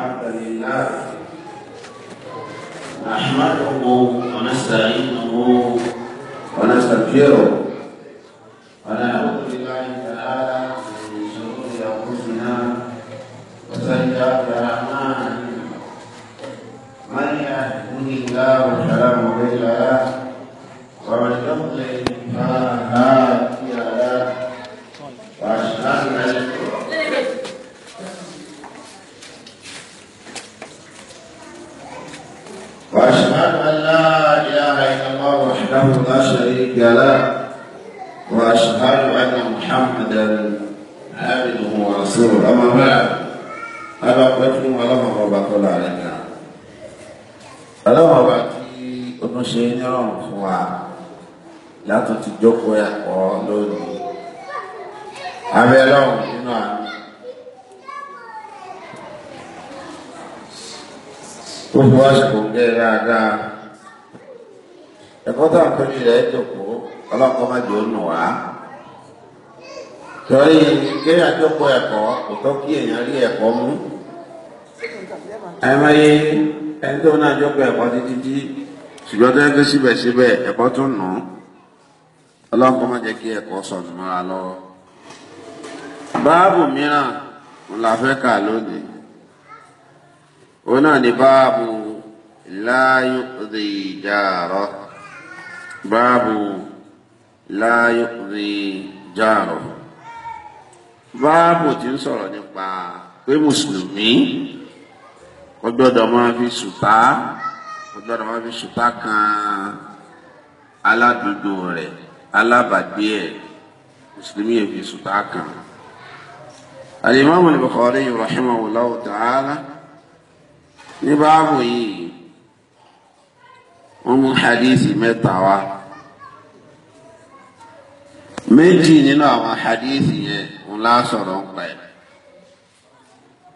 الحمد لله نحمده ونستعينه ونستغفره pé síbẹ̀síbẹ̀ ẹ̀kọ́ tó nù ú ọlọ́run kọ́ má jẹ́ kí ẹ̀kọ́ sọnù mọ́ra lọ́wọ́. báàbù mìíràn ń la fẹ́ kà lónìí òun náà ni báàbù láyò rí jàrọ̀ báàbù láyò rí jàrọ̀ báàbù tí ń sọ̀rọ̀ nípa pé mùsùlùmí kò gbọ́dọ̀ máa fi sùtá gbọ́dọ̀ máa fi ṣùpá kan aládùúgbò rẹ̀ alábàgbé ẹ̀ mùsùlùmí yẹn fi ṣùpá kan. Al-Imam al-Bukhari rahimahullahu ta'ala ní báàbò yìí wọ́n mú hadithi mẹ́ta wá méjì nínú àwọn hadithi yẹn ń lásọ̀rọ̀ ń pa ẹ̀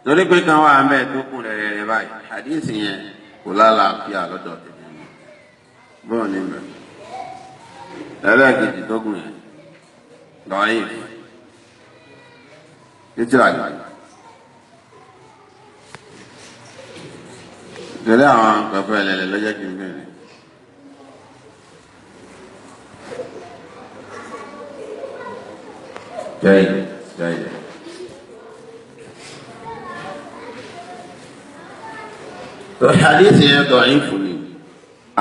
lórí pé kan wà ń bẹ̀ tó kù rẹ̀ rẹ̀ báyìí hadithi yẹn kò lálàáfíà lọ́dọ̀ tèmi mọ́ bọ́ọ̀ ni mẹ́ ẹlẹ́ẹ̀kejì tó gùn yẹn lọ́yìn títí àgbà tẹ̀lé àwọn pẹ̀pẹ́ ẹlẹ́lẹ́ lọ́jọ́ kí n bẹ̀rẹ̀. Jai, jai, jai. àdéhìsì yẹn dọ̀ yín fún mi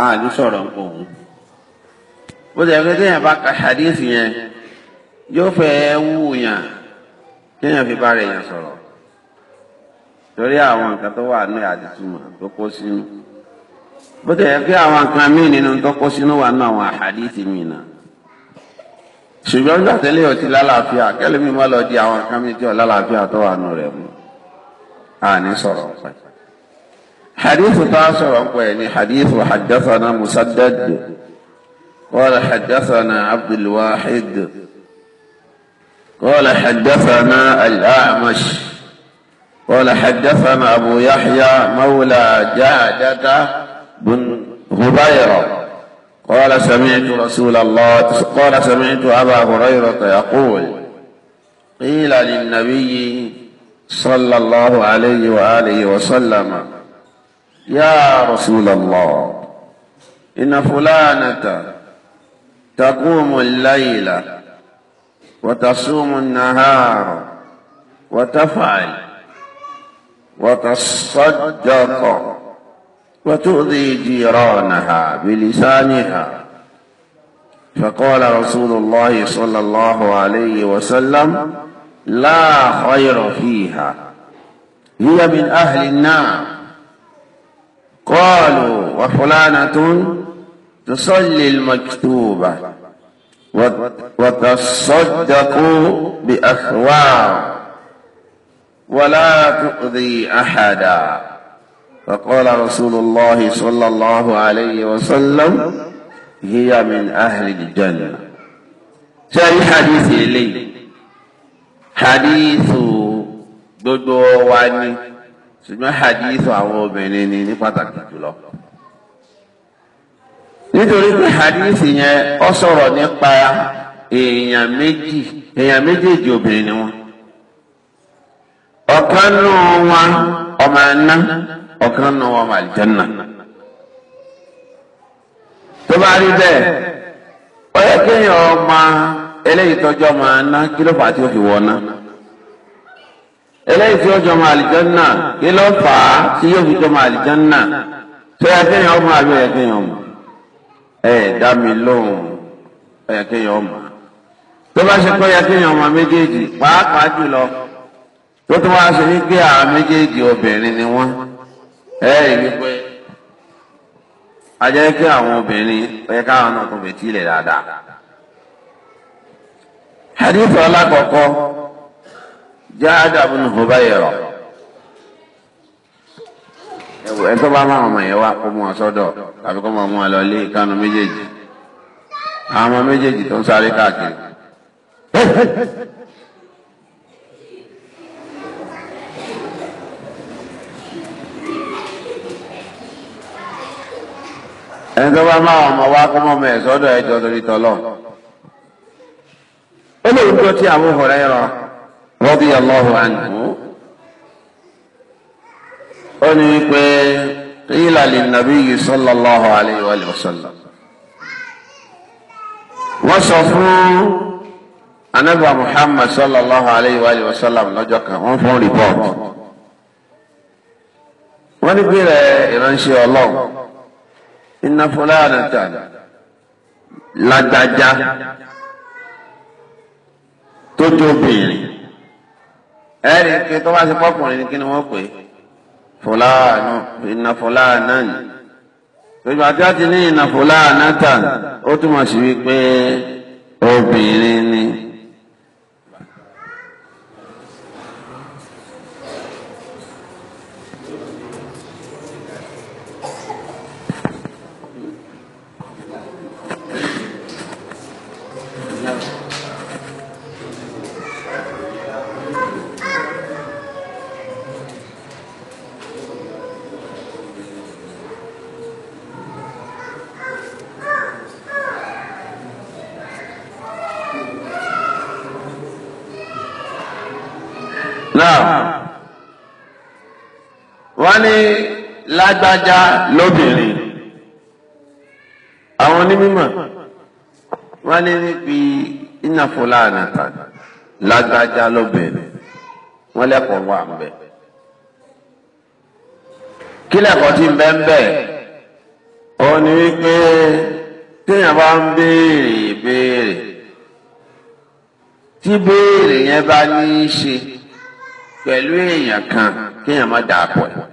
àní sọ̀rọ̀ nǹkan òun bó ti pé téèyàn bá ka àdéhìsì yẹn yóò fẹ́ wú yàn téèyàn fi bá rẹ̀ yàn sọ̀rọ̀ torí àwọn nǹkan tó wà nínú àdìtúmọ̀ tó kó sínú bó ti yẹ pé àwọn nǹkan míì nínú tó kó sínú wà nínú àwọn àdéhìsì míì náà ṣùgbọ́n nígbà tẹ́lẹ̀ ọtí lálàáfíà kẹ́lẹ́mí má lọ di àwọn nǹkan míì tí ọ̀ lálàáfíà tó wà nínú rẹ̀ mú àní sọ̀rọ̀ pẹ̀lú. حديث تاسع يعني حديث حدثنا مسدد قال حدثنا عبد الواحد قال حدثنا الأعمش قال حدثنا أبو يحيى مولى جعدة بن هبيرة قال سمعت رسول الله قال سمعت أبا هريرة يقول قيل للنبي صلى الله عليه وآله وسلم يا رسول الله إن فلانة تقوم الليل وتصوم النهار وتفعل وتصدق وتؤذي جيرانها بلسانها فقال رسول الله صلى الله عليه وسلم لا خير فيها هي من أهل النار قالوا وفلانة تصلي المكتوبة وتصدق بأثواب ولا تؤذي أحدا فقال رسول الله صلى الله عليه وسلم هي من أهل الجنة شاري حديث لي حديث دودو واني ṣùgbọ́n hadith àwọn obìnrin ni ní pàtàkì jùlọ. nítorí pé hadith yẹn ó sọ̀rọ̀ nípa èèyàn méjì èèyàn méjèèjì obìnrin ni wọn. ọ̀kan nù wọn ọmọ aná ọ̀kan nù wọn ọmọ àlìjẹ́nà. tó bá rí bẹ́ẹ̀ ó yẹ kéèyàn ọmọ eléyìí tọ́jú ọmọ aná kí ló fà á tí ó fi wọ̀ ọ́ náà eléyìí tí ó jọmọ àlìjánná kí ló fà á tí yóò fi jọmọ àlìjánná tó yẹ kéèyàn ọmọ àbí ẹ kéèyàn ọmọ ẹ dá mi lóhùn ẹ kéèyàn ọmọ tó bá ṣe pé yẹ kéèyàn ọmọ méjèèjì pàápàá jùlọ tó tún wáá ṣe wípé àwọn méjèèjì obìnrin ni wọn ẹ rí wípé ajẹ́ kí àwọn obìnrin ẹ káwọn náà tó fi tílẹ̀ dáadáa. hadith ọlá kọ̀ọ̀kan. jáde abúlé ọba ẹ tó bá má ọmọ yẹn wá kó mú ọ sọ́dọ̀ tàbí kó mọ mú ọ lọ ilé ìkànnì méjèèjì àwọn ọmọ méjèèjì tó ń sáré káàkiri. ẹ tó bá má ọmọ wá kó radiyallahu anhu ó ní pé qila linnabiyyi sallallahu alayhi wa sallam wọ́n sọ fún anabi muhammad sallallahu alayhi wa sallam lọ́jọ́ kan wọ́n fún report wọ́n ní pèrè ìránṣẹ́ ọlọ́run iná fúláàdà tà lágbájá tó tóbi rìn. ẹ̀rí pé tó bá ti pọ́kùnrin ni kí ni pè é ni ìgbà tí a ti ní tà ó túmọ̀ sí wípé obìnrin ni. lágbájá lóbìnrin àwọn onímọ̀ wọ́n lé níbi iná fúlàní lágbájá lóbìnrin wọ́n lẹ́kọ̀ọ́ wà ń bẹ̀. kí lẹ́kọ̀ọ́ ti ń bẹ́ ń bẹ̀ ó ní wípé téèyàn bá ń béèrè ìbéèrè tí béèrè yẹn bá ní í ṣe pẹ̀lú èèyàn kan kéèyàn má dà á pọ̀ ẹ̀.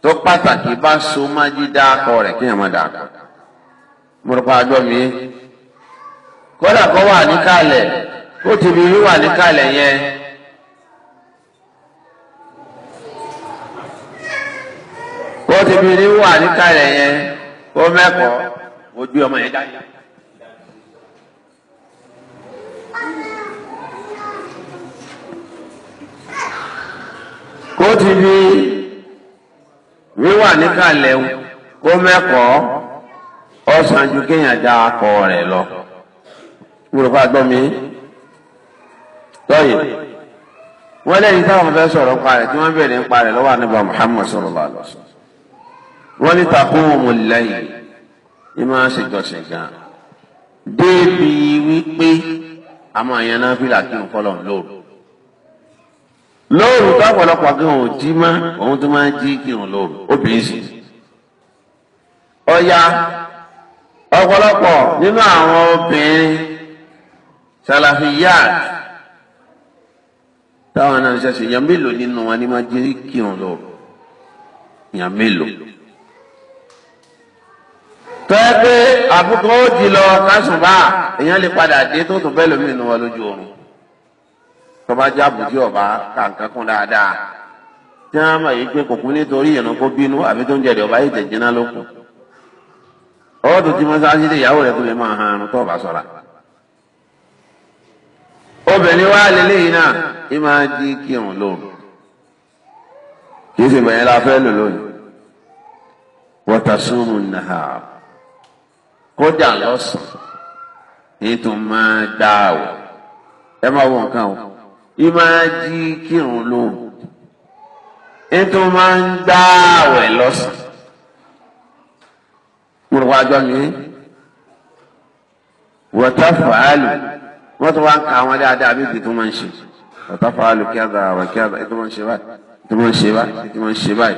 tó pàtàkì bá so má dídá akọ rẹ̀ kí èèyàn má dà kọ mo rò pa àjọ mi kódà kó wà níkàlẹ̀ kó ti fi wíwà níkàlẹ̀ yẹn. kó ti fi wíwà níkàlẹ̀ yẹn kó mẹ́kọ̀ọ́ mo ọmọ yẹn jáde. kó ti fi wíwà níkàlẹ̀ kó mẹ́kọ̀ọ́ ọ̀sán ju kéèyàn dá akọ rẹ̀ lọ. Gbùrùpá gbọ́ mi. Lọ́yìn. Wọ́n lẹ́yìn táwọn fẹ́ sọ̀rọ̀ pa rẹ̀ tí wọ́n bèèrè ń pa rẹ̀ lọ́wọ́ àníbà Mùhàmmad sallallahu alaihi wasallam. Wọ́n ní taqumu al-layl. Ìmọ̀ ṣèjọsìn gan. Débi wípé àmọ́ àyànná kí n fọlọ́ lóru lóòrù tọ́pọ̀lọpọ̀ gan ò jí mọ́ òun tó máa ń jí kírun lóòrù obìnrin sì. ọ̀ya ọ̀pọ̀lọpọ̀ nínú àwọn obìnrin salafiyat táwọn náà ń ṣẹ̀ṣẹ̀ èèyàn mélòó nínú wọn ni máa jí kírun lóòrù èèyàn mélòó. tọ́ẹ́ pé àbúkọ́ ó jí lọ kásùnbà èèyàn lè padà dé tó tún bẹ́ẹ̀ lómi nínú wọn lójú oorun tọ́ba jẹ́ àbùjí ọ̀bá ká nǹkan kún dáadáa tí wọ́n máa yí pé kòkún nítorí ìrìn kó bínú àbí tó ń jẹ̀rẹ̀ ọba yìí tẹ̀jẹ̀ náà ló kù. ọ̀ọ́dún tí mọ́sáàsì lè yàwó rẹ̀ tó lè máa han àrùn tọ́ọ̀bá sọ̀ra. obìnrin wa lélẹ́yìn náà ẹ máa jí kírun lóru kì í sì bẹ̀yẹn la fẹ́ lò lónìí. wọ́tàsúnmù nàá kódà lọ́sàn-án ètò máa gbà ẹ máa wọ nǹkan o máa jí kírun lóhùn ètò máa ń gbá àwẹ̀ lọ́sàn mo rò wá jọ mi wọ́tá fàálù wọ́n tún wá ń ka àwọn dáadáa bí ibi tó máa ń ṣe wọ́tá fàálù kí á da àwẹ̀ kí á da ètò máa ń ṣe báyìí ètò máa ń ṣe báyìí ètò máa ń ṣe báyìí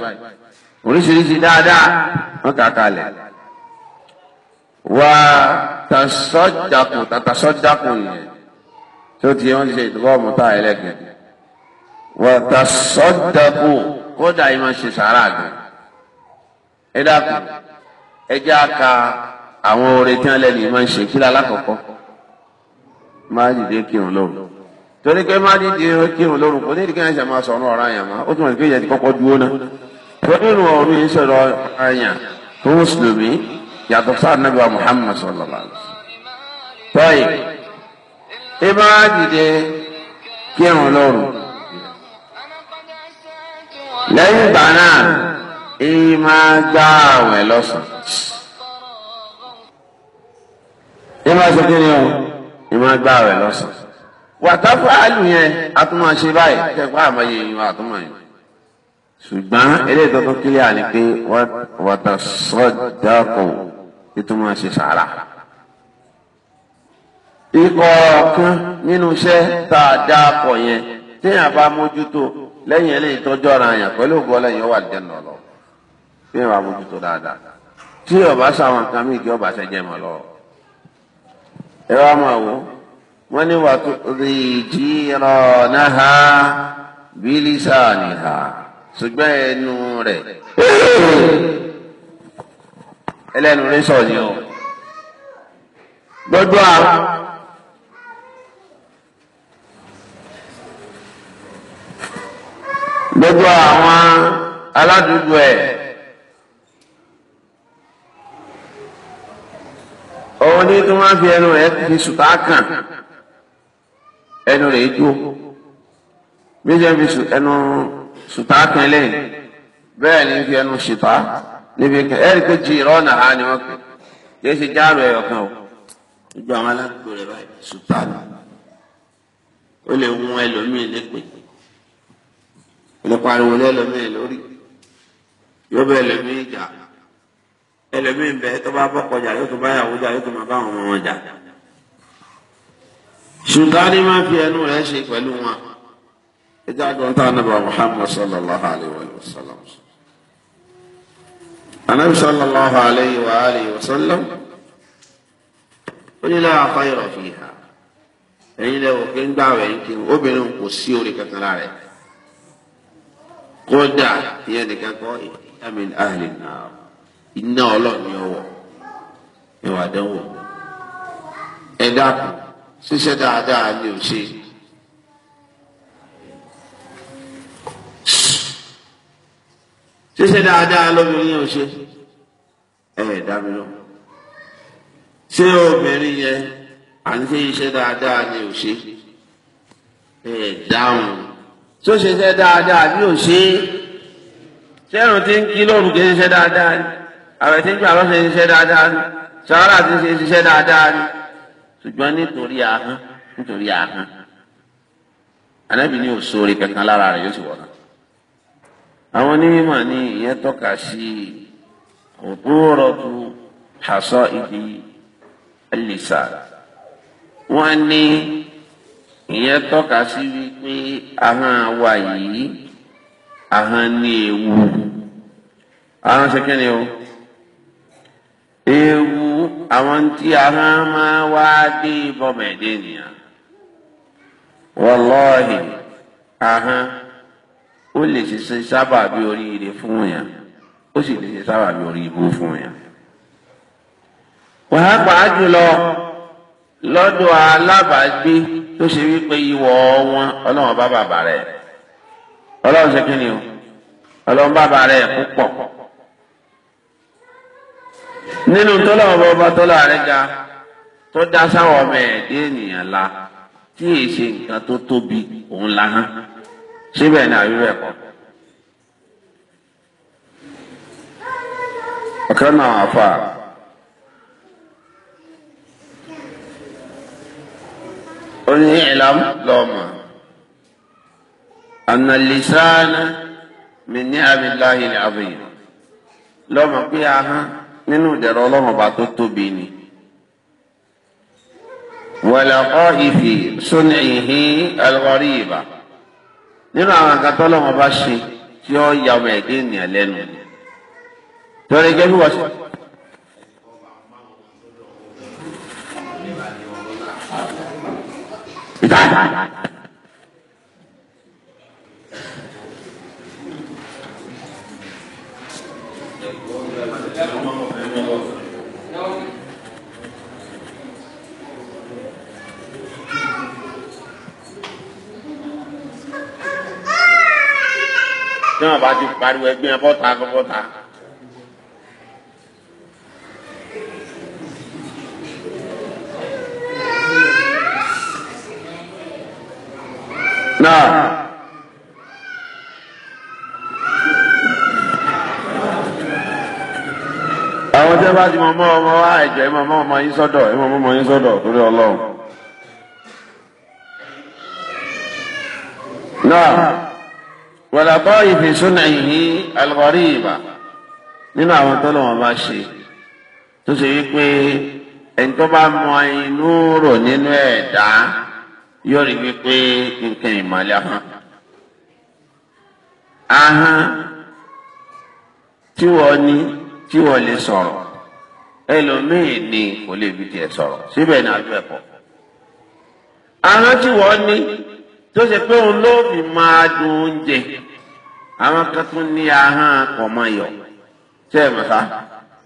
oríṣiríṣi dáadáa wọ́n kà á kalẹ̀ wà tasọ́jàkùn tasọ́jàkùn yẹn tí ó ti yẹ wọ́n ti ṣe ìdúbọ̀ mọ́tà ẹlẹ́gẹ̀ẹ́ wọ́tà sọ́dọ̀kù kódà yìí máa ṣe sàárà gan ẹ dákun ẹ jẹ́ àka àwọn oore tí wọ́n lẹ́nu yìí máa ń ṣe kílá alákọ̀ọ́kọ́ má dìde kírun lóru torí pé má dìde kírun lóru kò ní ìdíkẹ́ ẹ̀ṣẹ̀ máa sọ̀rọ̀ ọ̀rọ̀ àyàn máa ó túmọ̀ sí pé ìyẹn ti kọ́kọ́ dúró náà torí ìrùn ọ̀run yìí sọ̀rọ̀ àyàn tó mùsùlùmí yàtọ̀ sáà nàbẹ̀wá Muhammad sallallahu alaihi ibà dìde kírun lóru lẹ́yìn ìgbà náà èyí máa gbá àwẹ̀ lọ́sàn. ẹ máa sọ kíni o ẹ máa gbá àwẹ̀ lọ́sàn. wàtáfà àlù yẹn a tún máa ṣe báyìí kẹfà àmọye yìí wà tó máa yìí. ṣùgbọ́n eléyìí tó tún kílíà ni pé wàtà sọ́jà kan ètò máa ṣe sàrà ìkọ̀ọ̀kan nínú iṣẹ́ tá a dá akọ̀ yẹn téèyàn bá mójútó lẹ́yìn eléyìí tọ́jú ara yẹn pẹ̀lú ògùn ọlẹ́yìn ọwọ́ àdìjẹ́nà lọ téèyàn bá mójútó dáadáa tí ọba sáwọn nǹkan mí kí ọba ṣẹjẹ mọ lọ. ẹ wá máa wò wọ́n ní wà tó rí jìrọ̀ náà ha bílísà nìha ṣùgbọ́n ẹnu rẹ̀ ẹlẹ́nu rí sọ̀ ni o gbogbo àwọn. gbogbo àwọn aládùúgbò ẹ̀ òun ní tí wọ́n fi ẹnu rẹ̀ fi sùtá kàn ẹnu rẹ̀ jó méjì fi ẹnu sùtá kàn lẹ́yìn bẹ́ẹ̀ ni fi ẹnu sùtá níbi kan ẹ̀rí pé jì rọ́ọ̀nà á ni wọ́n pè kì í ṣe jáàrò ẹ̀yọ̀ kan o gbogbo àwọn aládùúgbò rẹ̀ báyìí sùtá ó lè wọ́n ẹlòmíì lépè ilé pariwo lẹ́lọ́mìn lórí yóò bẹ ẹlẹ́mìn ìjà ẹlẹ́mìn bẹ tó bá bọ́ kọjá yóò tó bá yàwó jà yóò tó máa bá àwọn ọmọ wọn jà. ṣùgbọ́n ní máa fi ẹnu rẹ̀ ṣe pẹ̀lú wọn ẹjọ́ àgbọ̀ntàn anábà Muhammad sallallahu alayhi wa sallam. النبي صلى الله عليه وآله وسلم قل لا خير فيها إن لو كن دعوة إن كن أبن قسيوري كتنارك kódà ìyẹn nìkan kọ́ ìyàmì àhìlì náà iná ọlọ́ọ̀ni ọwọ́ ìwà àdánwò ẹ dákun ṣíṣe dáadáa ni ò ṣe. ṣíṣe dáadáa lóbìnrin yẹn ò ṣe ẹ dá mi lọ ṣé obìnrin yẹn à ń dáadáa ni ò ṣe ẹ dáhùn tó ṣe ṣe dáadáa bí ò ṣe é sẹ́rùn tí ń kí lóru kì í ṣe dáadáa ni àwẹ̀ tí ń gbà lọ́sẹ̀ ṣiṣẹ́ dáadáa ni sàárà tí ń ṣe ṣiṣẹ́ dáadáa ni ṣùgbọ́n nítorí ahọ́n nítorí ahọ́n anábì ní òṣòre kankan lára rẹ̀ yóò sì wọ̀ náà àwọn onímọ̀ ní ìyẹn tọ́ka sí òpúrọ̀tù hasọ́ ìdí ẹ̀lẹ́sà wọ́n ní ìyẹn tọ́ka sí wípé ahọ́n wa yìí ahọ́n ní ewu ahọ́n ṣe kí ni o ewu àwọn tí ahọ́n máa wá dé bọ́mẹ̀dé nìyẹn wọlọ́ọ̀hì ahọ́n ó lè ṣe sábàbí oríire fún yàn ó sì lè ṣe sábàbí orí ibú fún yàn wàá jùlọ. lọ́dọ̀ alábàágbé tó ṣe wípé ìwọ̀ wọn ọlọ́run bá bàbá rẹ̀ ọlọ́run ṣe kí ni o ọlọ́run bá bàbá rẹ̀ púpọ̀ nínú tọ́lọ́run bọ́ba tọ́lọ́ rẹ̀ ga tó dá sáwọn ọmọ ẹ̀dẹ́ ènìyàn la tí èyí ṣe nǹkan tó tóbi òun la hàn síbẹ̀ ní àyúrò ẹ̀kọ́. ọ̀kan náà àfa. ó ní ìlàm lọ́mọ ànàlìsáánà mi ní abiláhi àbẹ̀yìn lọ́mọ pé ahọ́n nínú ìdẹ̀rọ ọlọ́run ọba tó tóbi ni wàlàkọ́ ìfì sóní ìhín alùpàrí ìbà nínú àwọn nǹkan tọ́lọ́run ọba ṣe tí ó ya ọmọ ẹ̀dẹ́ ènìyàn lẹ́nu torí gẹ́gẹ́ bí wọ́n ṣe. ìbàdàn. tí bá ti pariwo ẹgbẹ́ bọ́ta kọ́ bọ́ta. náà. àwọn tí wọ́n bá ti mọ ọmọ ọmọ wa ẹ̀jẹ̀ ẹ̀ mọ ọmọ ọmọ yín sọ́dọ̀ ẹ̀ mọ ọmọ ọmọ yín sọ́dọ̀ torí ọlọ́run. náà wàlàbọ̀ ìfìsúnà yìí alùpàrí ìbà nínú àwọn tó lọ́wọ́ bá ṣe tó ṣe wípé ẹni tó bá mọ inú rò nínú ẹ̀dá. E yóò rí wípé nǹkan ìmọ̀lẹ́ ahọ́n. ahọ́n tí wọ́n ní tí wọ́n lè sọ̀rọ̀ ẹlòmíì ni kò lè fi tiẹ̀ sọ̀rọ̀ síbẹ̀ ní àjọ ẹ̀kọ́. ahọ́n tí wọ́n ní ṣe pé òun ló fi máa dùn oúnjẹ àwọn kan tún ní ahọ́n kò mọ iyọ̀ ṣé ẹ̀ mọ̀ sá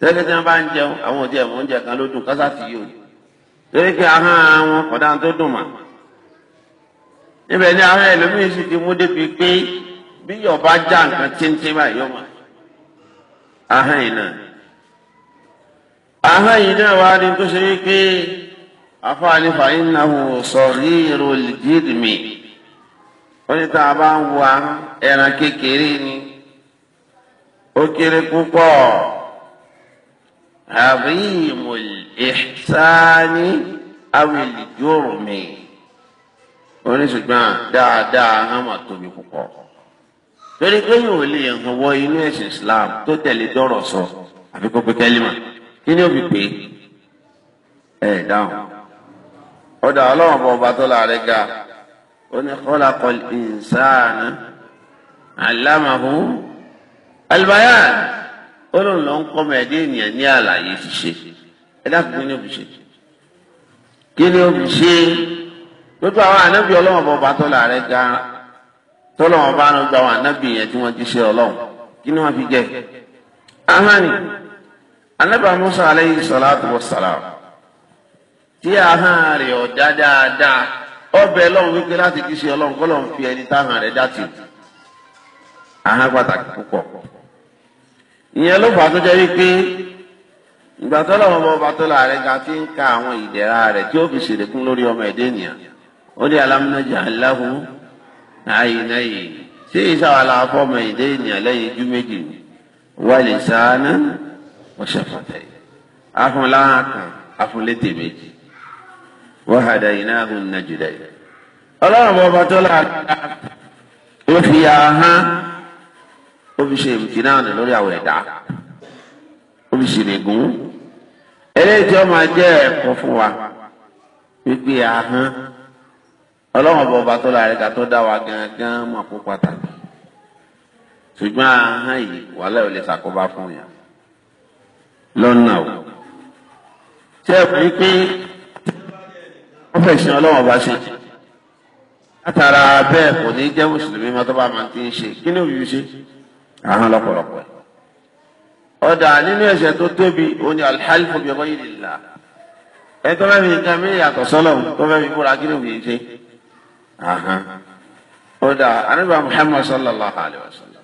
tẹ́lẹ̀ níbẹ̀ ni àwọn ẹlòmíín sì ti mú débi pé bí yọba já nǹkan téńté báyìí ọmọ ahọ́n yìí náà ahọ́n yìí náà wá ní tó ṣe wípé afáàní fàyín náà wò sọ̀rí ìrọ̀lìjìdìmì oníta bá ń wo ahọ́n ẹran kékeré ni ó kéré púpọ̀ àbí ìmọ̀lẹ́sáni awìlì jòrò mi oníṣùgbọ́n dáadáa hàmà tóbi púpọ̀ torí pé yóò lè hàn wọ inú ẹ̀sìn Islam tó tẹ̀lé dọ́rọ̀ sọ àfi kó pé kẹ́límà kí ni ó fi pè é ẹ̀ dáhùn ọ̀dà ọlọ́run bọ̀ ọba tó láàrẹ̀ ga ó ní khalaqal insana allamahu albayan ó lóun lọ ń kọ́ ọmọ ẹ̀dẹ́ ènìyàn ní àlàyé ṣiṣẹ́ ẹ dákun kí ni ó fi ṣe kí ni ó fi ṣe lójú àwọn ànábì ọlọ́wọ́n bọ̀ bá tọ́lá rẹ̀ ga tọ́lọ́wọ́n bá ń gba àwọn ànábì yẹn tí wọ́n ti ṣe ọlọ́wọ́n kí ni wọ́n fi jẹ́ ahani ànábì Musa aleyhi salatu wa salam tí ahani rẹ̀ ọ̀dá dáadáa ọbẹ̀ lọ́wọ́n wípé láti kí ṣe ọlọ́wọ́n kọ́ lọ́wọ́n fi ẹni táhàn rẹ̀ dá tì ahani pàtàkì púpọ̀ ìyẹn ló fà á tó jẹ́ wípé ìgbà tọ́lọ́wọ́n bọ̀ bá tọ́lá rẹ̀ ga ti ń ka ó ní alámúnájà aláhùn àyìnà yìí ṣé ìṣàwọn aláfọ́ ọmọ ìdé ènìyàn lẹ́yìn ojú méjì wà lè sáánà ọ̀ṣẹ̀fọ̀tẹ̀ afúnláhàn kan afúnlétè méjì wọ́n hàdà yìí náà hùn nàjùdà yìí. ọlọ́run bọ́ba tó láàbà ó fi ahán ó fi ṣe ìmùkínáàánú lórí àwọn ẹ̀dá ó fi ṣèlégún eléyìí tí ó máa jẹ́ ẹ̀kọ́ fún wa wípé ahán ọlọ́run bọba tó láàrin ká tó dá wa gangan mọ̀ fún pàtàkì ṣùgbọ́n ahọ́n yìí wàhálà ò lè ṣàkóbá fún yàn lọ́nà o ṣé ẹ fi pé wọ́n fẹ́ sin ọlọ́run ọba ṣe látara bẹ́ẹ̀ kò ní jẹ́ mùsùlùmí mọ́ bá máa ti ń ṣe kí ni òbí ṣe ahọ́n lọ́pọ̀lọpọ̀ ọ̀dà nínú ẹ̀ṣẹ̀ tó tóbi òun ni alhalifu bi ghayrillah ẹ tó fẹ́ fi nǹkan mi yàtọ̀ sọ́lọ̀ tó fẹ́ fi búra kí ni òbí ṣe ó dà anábà muhammad sallallahu alayhi wa sallam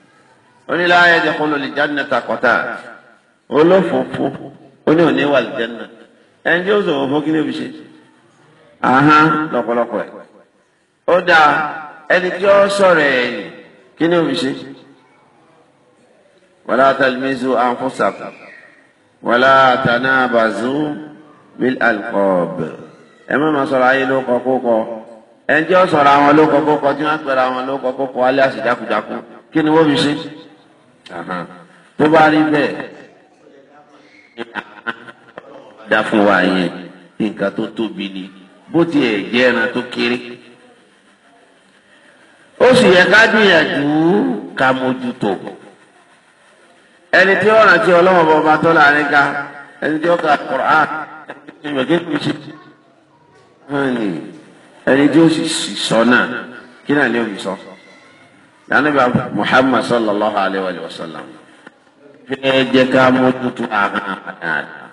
onílà ayẹyẹ kọlọ lè jáde takọta olófòfò oní òní wà lè jẹnà ẹni tí ó sọ òfò kí ló fi ṣe lọ́pọ̀lọpọ̀ ẹ ó dà ẹni tí ó sọ̀rọ̀ ẹ̀yìn kí ló fi ṣe wàlá talmizu anfusakum wàlá tanabazu bil alqab ẹ ma sọ̀rọ̀ ayé ló kọ kó kọ ẹnjẹ́ ó sọ̀rọ̀ àwọn ló kọ́kọ́ kọ tí wọ́n pẹ̀rẹ̀ àwọn ló kọ́kọ́ kọ alẹ́ àti jákujáku kí ni wọ́n fi ṣe. tó bá rí bẹ́ẹ̀ dá fún wa yẹn nǹkan tó tóbi ni bó tiẹ̀ jẹ́ ẹran tó kéré. ó sì yẹ ká gbìyànjú ká mójútó. ẹni tí ó rántí ọlọ́wọ́n bọba tó láàrin ká ẹni tí ó ka Kùránì ẹni tí ó yẹ kékeré ṣe ẹni tí ó sì sọ náà kí náà ni ó fi sọ yànnìbà Muhammad sallallahu alayhi wa sallam fẹ́ẹ́ jẹ́ ká mójútó ahọ́n àdáadáa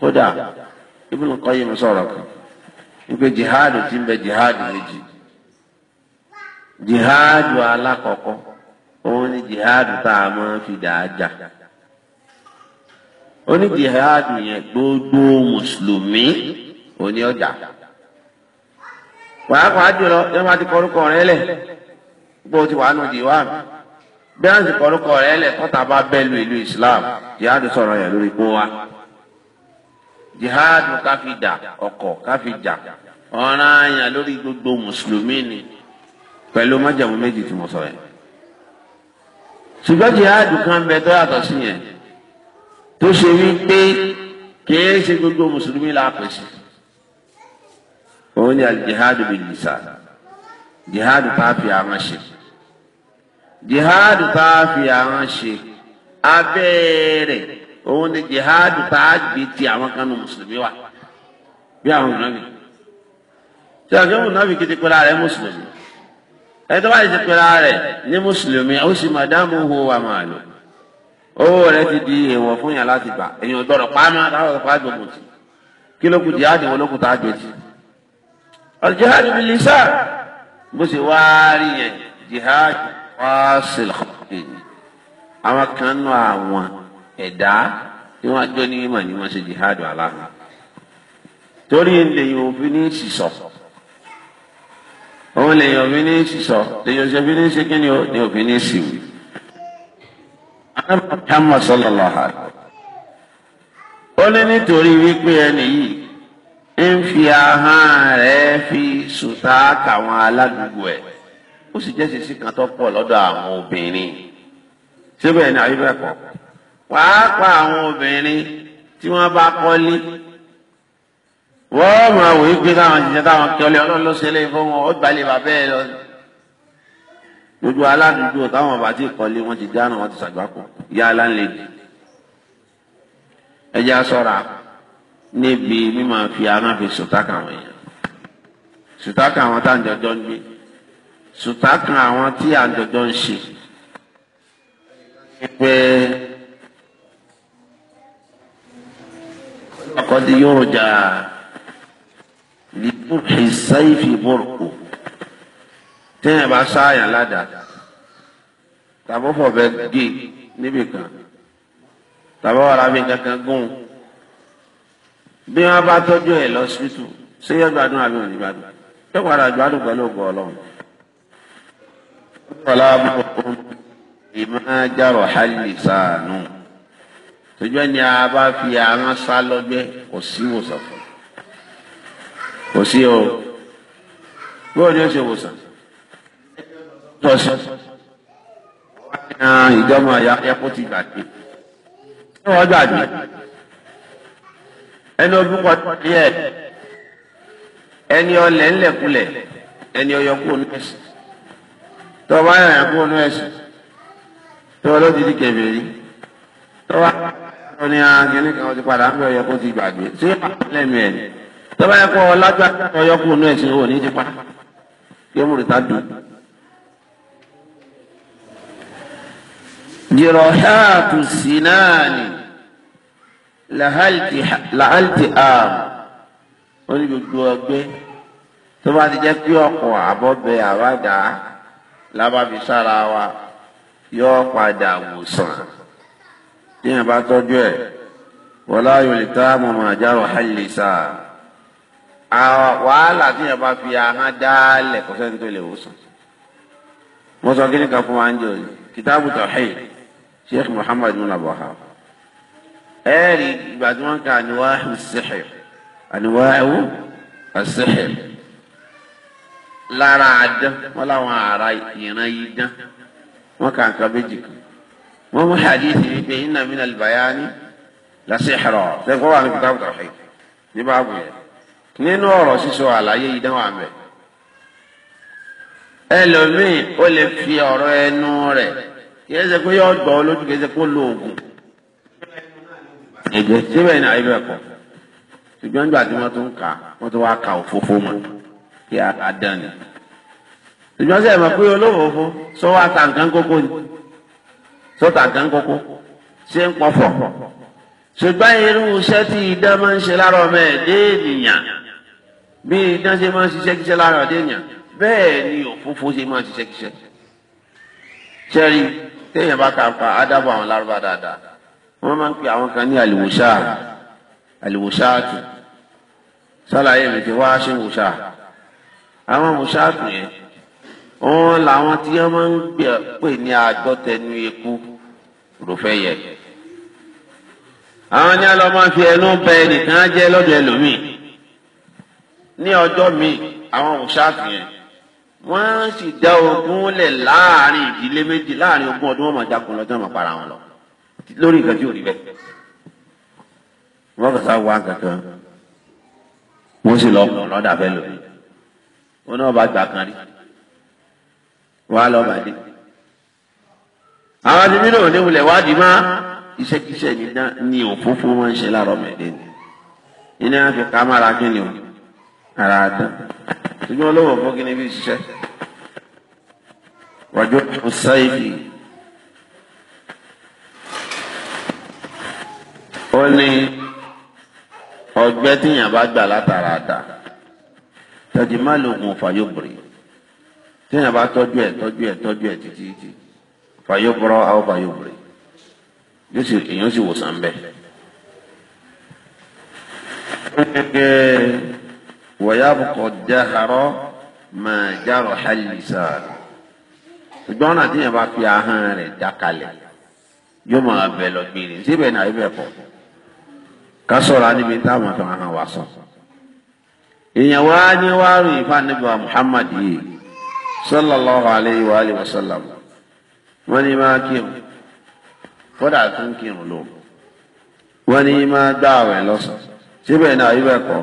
kódà Ibn Qayyim sọ̀rọ̀ kan wípé jihadu ti ń bẹ jihadu méjì jihadu alákọ̀ọ́kọ́ òun ni jihadu tá a máa fi dàá jà oní jihadu yẹn gbogbo mùsùlùmí òní ọjà wàá kọ́ àjùlọ yóò máa ti kọ orúkọ rẹ lẹ̀ gbọ́ ti wàá nù jìwá bí wọ́n ti kọ orúkọ rẹ lẹ̀ kọ́ta bá bẹ́ẹ̀ lu ìlú Islam jihad sọ̀rọ̀ yẹn lórí kó wa jihad ká fi dà ọkọ̀ ká fi jà ọ̀ràn àyàn lórí gbogbo mùsùlùmí ni pẹ̀lú májàmú méjì tí mo sọ yẹn ṣùgbọ́n jihad kan bẹ tó yàtọ̀ sí yẹn tó ṣe wí pé kì í ṣe gbogbo mùsùlùmí la pèsè òun e ni aljihadu bin lisan jihadu tá a fi àwọn ṣe jihadu tá a fi àwọn ṣe abẹ́rẹ́ òun ni jihadu tá a gbé ti àwọn kanu mùsùlùmí wa bí àwọn mùnàbí tí a gbé mùnàbí kí ti pẹ́ lára ẹ̀ mùsùlùmí ẹ̀ tó bá ti pẹ́ lára rẹ̀ ní mùsùlùmí ó sì máa dáàmú owó wa máa ti di èèwọ̀ fún yàn láti gbà èèyàn gbọ́dọ̀ pàmò àtàwọn ọ̀pá àjọpọ̀ tì kí ló kù jihadu wọn ló kù tá a jọ jì. الجهاد باللسان lisan bó ṣe wá rí yẹn jihadu fásil khalqi àwọn kan nù àwọn ẹ̀dá tí wọ́n jọ ní mímọ̀ ni wọ́n ṣe jihadu aláhùn torí lèyìn òfin ní sísọ òun lèyìn òfin ní sísọ lèyìn òṣèlú òfin ní ṣe kí òfin ní síwì. Muhammad sallallahu alaihi wa sallam ó ní nítorí wípé ẹni yìí ń fi ahọ́n rẹ̀ fi sùtá káwọn aládùúgbò ẹ̀ ó sì jẹ́ sísí kan tó pọ̀ lọ́dọ̀ àwọn obìnrin síbẹ̀ ní àyíbẹ̀kọ̀ pàápàá àwọn obìnrin tí wọ́n bá kọ́lé wọ́n máa wòye pé táwọn jíjẹ táwọn kí ọlẹ́ ọlọ́run ló ṣe lé fún wọn ó gbalẹ̀ bàbá ẹ lọ. gbogbo aládùúgbò táwọn bàbá ti kọ́lé wọn ti dáná wọn ti ṣàgbákò ìyá aláǹlẹ̀ ẹ̀jẹ̀ á níbi mímọ̀ fi aná fi sùtá kan àwọn èèyàn sùtá kan àwọn tá à ń jọjọ ń gbé sùtá kan àwọn tí à ń jọjọ ń ṣe pé ọkọ̀ di yóò jà lìbùrì sáyìfì bọ̀rùkù téèyàn bá sáàyàn ládàá tàbí fọ̀bẹ gé níbìkan tàbí wàrà mi kankan gún bí wọn bá tọ́jú ẹ lọsibítù ṣé yẹ gbádùn àbí wọn gbádùn yóò padà gbádùn pẹ̀lú ògùn Ọlọ́run. ọlá bùkún ìmájàrọ hali sànù tójú ẹni a bá fi àwọn sá lọ́gbẹ́ kò sí wòsàn fún kò sí o bóyá ni ó ṣe wòsàn tọ́sí ìjọba ẹ̀kọ́ ti gbàgbé ṣé wọ́n gbàgbé ẹni ọdún kan tó díẹ̀ ẹni ọlẹ̀ ńlẹ̀kulẹ̀ ẹni ọyọ kó nu ẹ̀sìn tọ́ba yàrá kó nu ẹ̀sìn tọ́ba ló ti di kẹ̀mẹ́rì tọ́ba tó ní akíní kan ti padà ń bẹ ọyọ kó ti gbàgbé tí ó bá lẹ́nu ẹ̀ tọ́ba yẹ kó ọlájú àti ọyọ kó nu ẹ̀sìn òní ti pa kí ẹmu rìta dùn. jìrọ̀ ṣáàtù sínáà ni làhálìtì àm ó ní gbogbo ọgbẹ́ tó bá ti jẹ́ pé ọkàn àbọ̀bẹ àwàdà lábàbí sára wa yóò padà wòsàn ní àbá tọ́jú ẹ̀ wọlá yòlítà mọ̀mọ́ àjárò hàlìsà wàhálà tí yẹn bá fi ahọ́n dálẹ̀ kò sẹ́ni tó lè wòsàn mo sọ kí ni kan fún wa ń jò kìtàbù tawhid sheikh muhammad bin ẹ̀rí ìgbà tí wọ́n ka àníwáhù sihir àníwáhù sihir lára àdán wọ́n láwọn ará ìran yìí dán wọ́n kà nǹkan méjì kan wọ́n mú hadith wípé inna min al-bayani la sihra lẹ́kọ̀ọ́ wà ní kitabu tawhid ní báàbù yẹn nínú ọ̀rọ̀ sísọ àlàyé idán wà mẹ́ ẹlòmíì ó lè fi ọ̀rọ̀ ẹnu rẹ̀ kì í ṣe pé yọ gbọ́ lójú kì í ṣe pé ó lo oògùn ẹ̀jẹ̀ síbẹ̀ ní ayé ẹ̀kọ́ ṣùgbọ́n nígbà tí wọ́n tún ń kà wọ́n tún wá ka òfófó mọ̀ kí adán ni ṣùgbọ́n sẹ́yìn mọ̀ pé olófòófó sọ wá ta nǹkan kókó ni sọ ta nǹkan kókó ṣé ń pọ̀fọ̀ ṣùgbọ́n irú iṣẹ́ tí idán máa ń ṣe lára ọmọ ẹ̀ dé ènìyàn bí idán ṣe máa ń ṣiṣẹ́ kíṣẹ́ lára ọdẹ ènìyàn bẹ́ẹ̀ ni òfófó ṣe máa ń ṣiṣẹ́ kíṣẹ́ ṣẹ́rí téèyàn bá kà ń pa àwọn lárúbá dáadáa wọ́n máa ń pè àwọn kan ní àlìwòṣáà àlìwòṣáàtù sálàyé mi ti wá ṣe wòṣáà àwọn wòṣáàtù yẹn wọ́n làwọn tí wọ́n máa ń pè ní àgbọ́tẹnu eku ròfẹ́ yẹ àwọn ní àlọ́ máa fi ẹnu bẹ nìkan jẹ́ lọ́dọ̀ ẹlòmíì ní ọjọ́ míì àwọn wòṣáàtù yẹn wọ́n sì dá ogun lẹ̀ láàrin ìdílé méjì láàrin ogún ọdún wọ́n máa jagun lọ́jọ́ máa para wọn lọ lórí nǹkan tí ò rí bẹ́ẹ̀ wọ́n kàn sá wá kankan wọ́n sì lọ pọ̀ lọ́dà fẹ́ lò ó náà bá gbà kan rí wọ́n á lọ bàdé àwọn àdìmí náà ní wulẹ̀ wádìí má iṣẹ́kíṣẹ́ ní òfófó máa ń ṣe láàárọ̀ mẹ́lẹ́ ni iná fi ká mára kí ni o ara dán ṣùgbọ́n olówó fún kí ni bí ṣiṣẹ́ wàjú ọ̀sán ìfì. ó ní ọgbẹ́ tíyàn bá gbà látara àdá tọ́jú má lóògùn fàyóbùrì tíyàn bá tọ́jú ẹ̀ tọ́jú ẹ̀ tọ́jú ẹ̀ títí títí fàyóbùrọ̀ àwọn fàyóbùrì yóò sì èèyàn sì wòsàn bẹ́ẹ̀. gẹ́gẹ́ wọ̀yàbùkọ̀ jáharọ́ máa járọ̀ hálìsàn ṣùgbọ́n ọ̀nà tíyàn bá fi ahọ́n rẹ̀ jákalẹ̀ yóò máa bẹ̀ lọ gbére síbẹ̀ náà ibẹ̀ pọ̀ ká sọ̀rọ̀ níbi táwọn fi hàn wá sọ. èèyàn wá ní wá rí ìfànàbíwá Muhammad yìí sallallahu alayhi wa alihi wa sallam wọ́n ní máa kírun kódà tó ń kírun lò wọ́n ní máa gbá àwẹ̀ lọ́sàn síbẹ̀ náà ibẹ̀ kọ́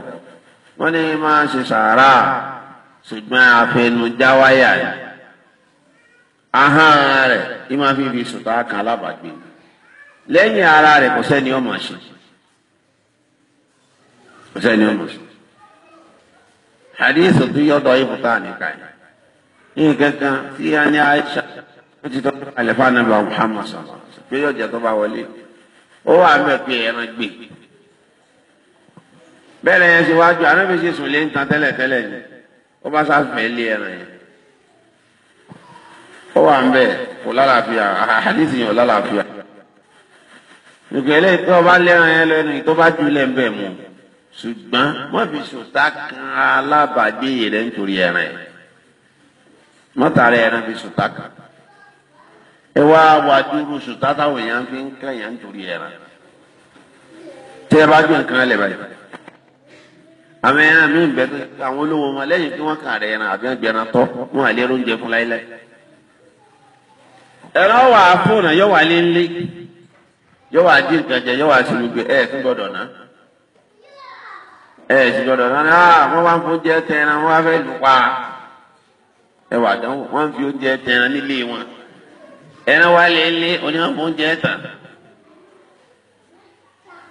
wọ́n ní máa ṣe sàárà ṣùgbọ́n àfẹnujá wáyà yìí ahọ́n rẹ̀ ìmáa fi sùtà kan alábàgbé lẹ́yìn ara rẹ̀ kò sẹ́ni ọmọ ṣe ọ̀sẹ̀ ni ọmọ sùn hadith tó yọ̀dọ̀ ìfúta nìkan yìí nǹkan kan tí a ní Aisha ó ti tọ́jú àlẹ́fà nàbà Muhammad sọ̀rọ̀ pé yóò jẹ́ tó bá wọlé ó wà mẹ́ pé ẹran gbè bẹ́ẹ̀ yẹn ṣe wájú anábì ṣe sùn lé ń tan tẹ́lẹ̀ tẹ́lẹ̀ ni ó bá sáfẹ́ lé ẹran yẹn ó wà ń bẹ̀ kò lálàáfíà hadith yẹn ò lálàáfíà nìkan tó bá lẹ́ran yẹn lẹ́nu tó bá jù lẹ́ ń bẹ̀ mú un. ṣùgbọ́n wọ́n fi ṣùtá kan alábàágbé rẹ̀ nítorí ẹran ẹ̀ ẹran fi ṣùtá kan ẹ wá wá dúró fi ń kàyàn nítorí ẹran tí ẹ bá gbé nǹkan lẹ̀ àwọn ẹran mi ń bẹ àwọn olówó wọn lẹ́yìn tí wọ́n kàn rẹ̀ ẹran àbí wọ́n gbẹran tọ́ wọn àlẹ́ oúnjẹ fún ẹran wà fóònù wà wà dín ẹ sì gbọ́dọ̀ rárá ah, wọn wá ń fóúnjẹ tẹran wọn wá fẹ́ lù pa ẹ wà dánwò wọn fi oúnjẹ tẹran nílé wọn ẹran wá lé lé oníwọn fóúnjẹ tàn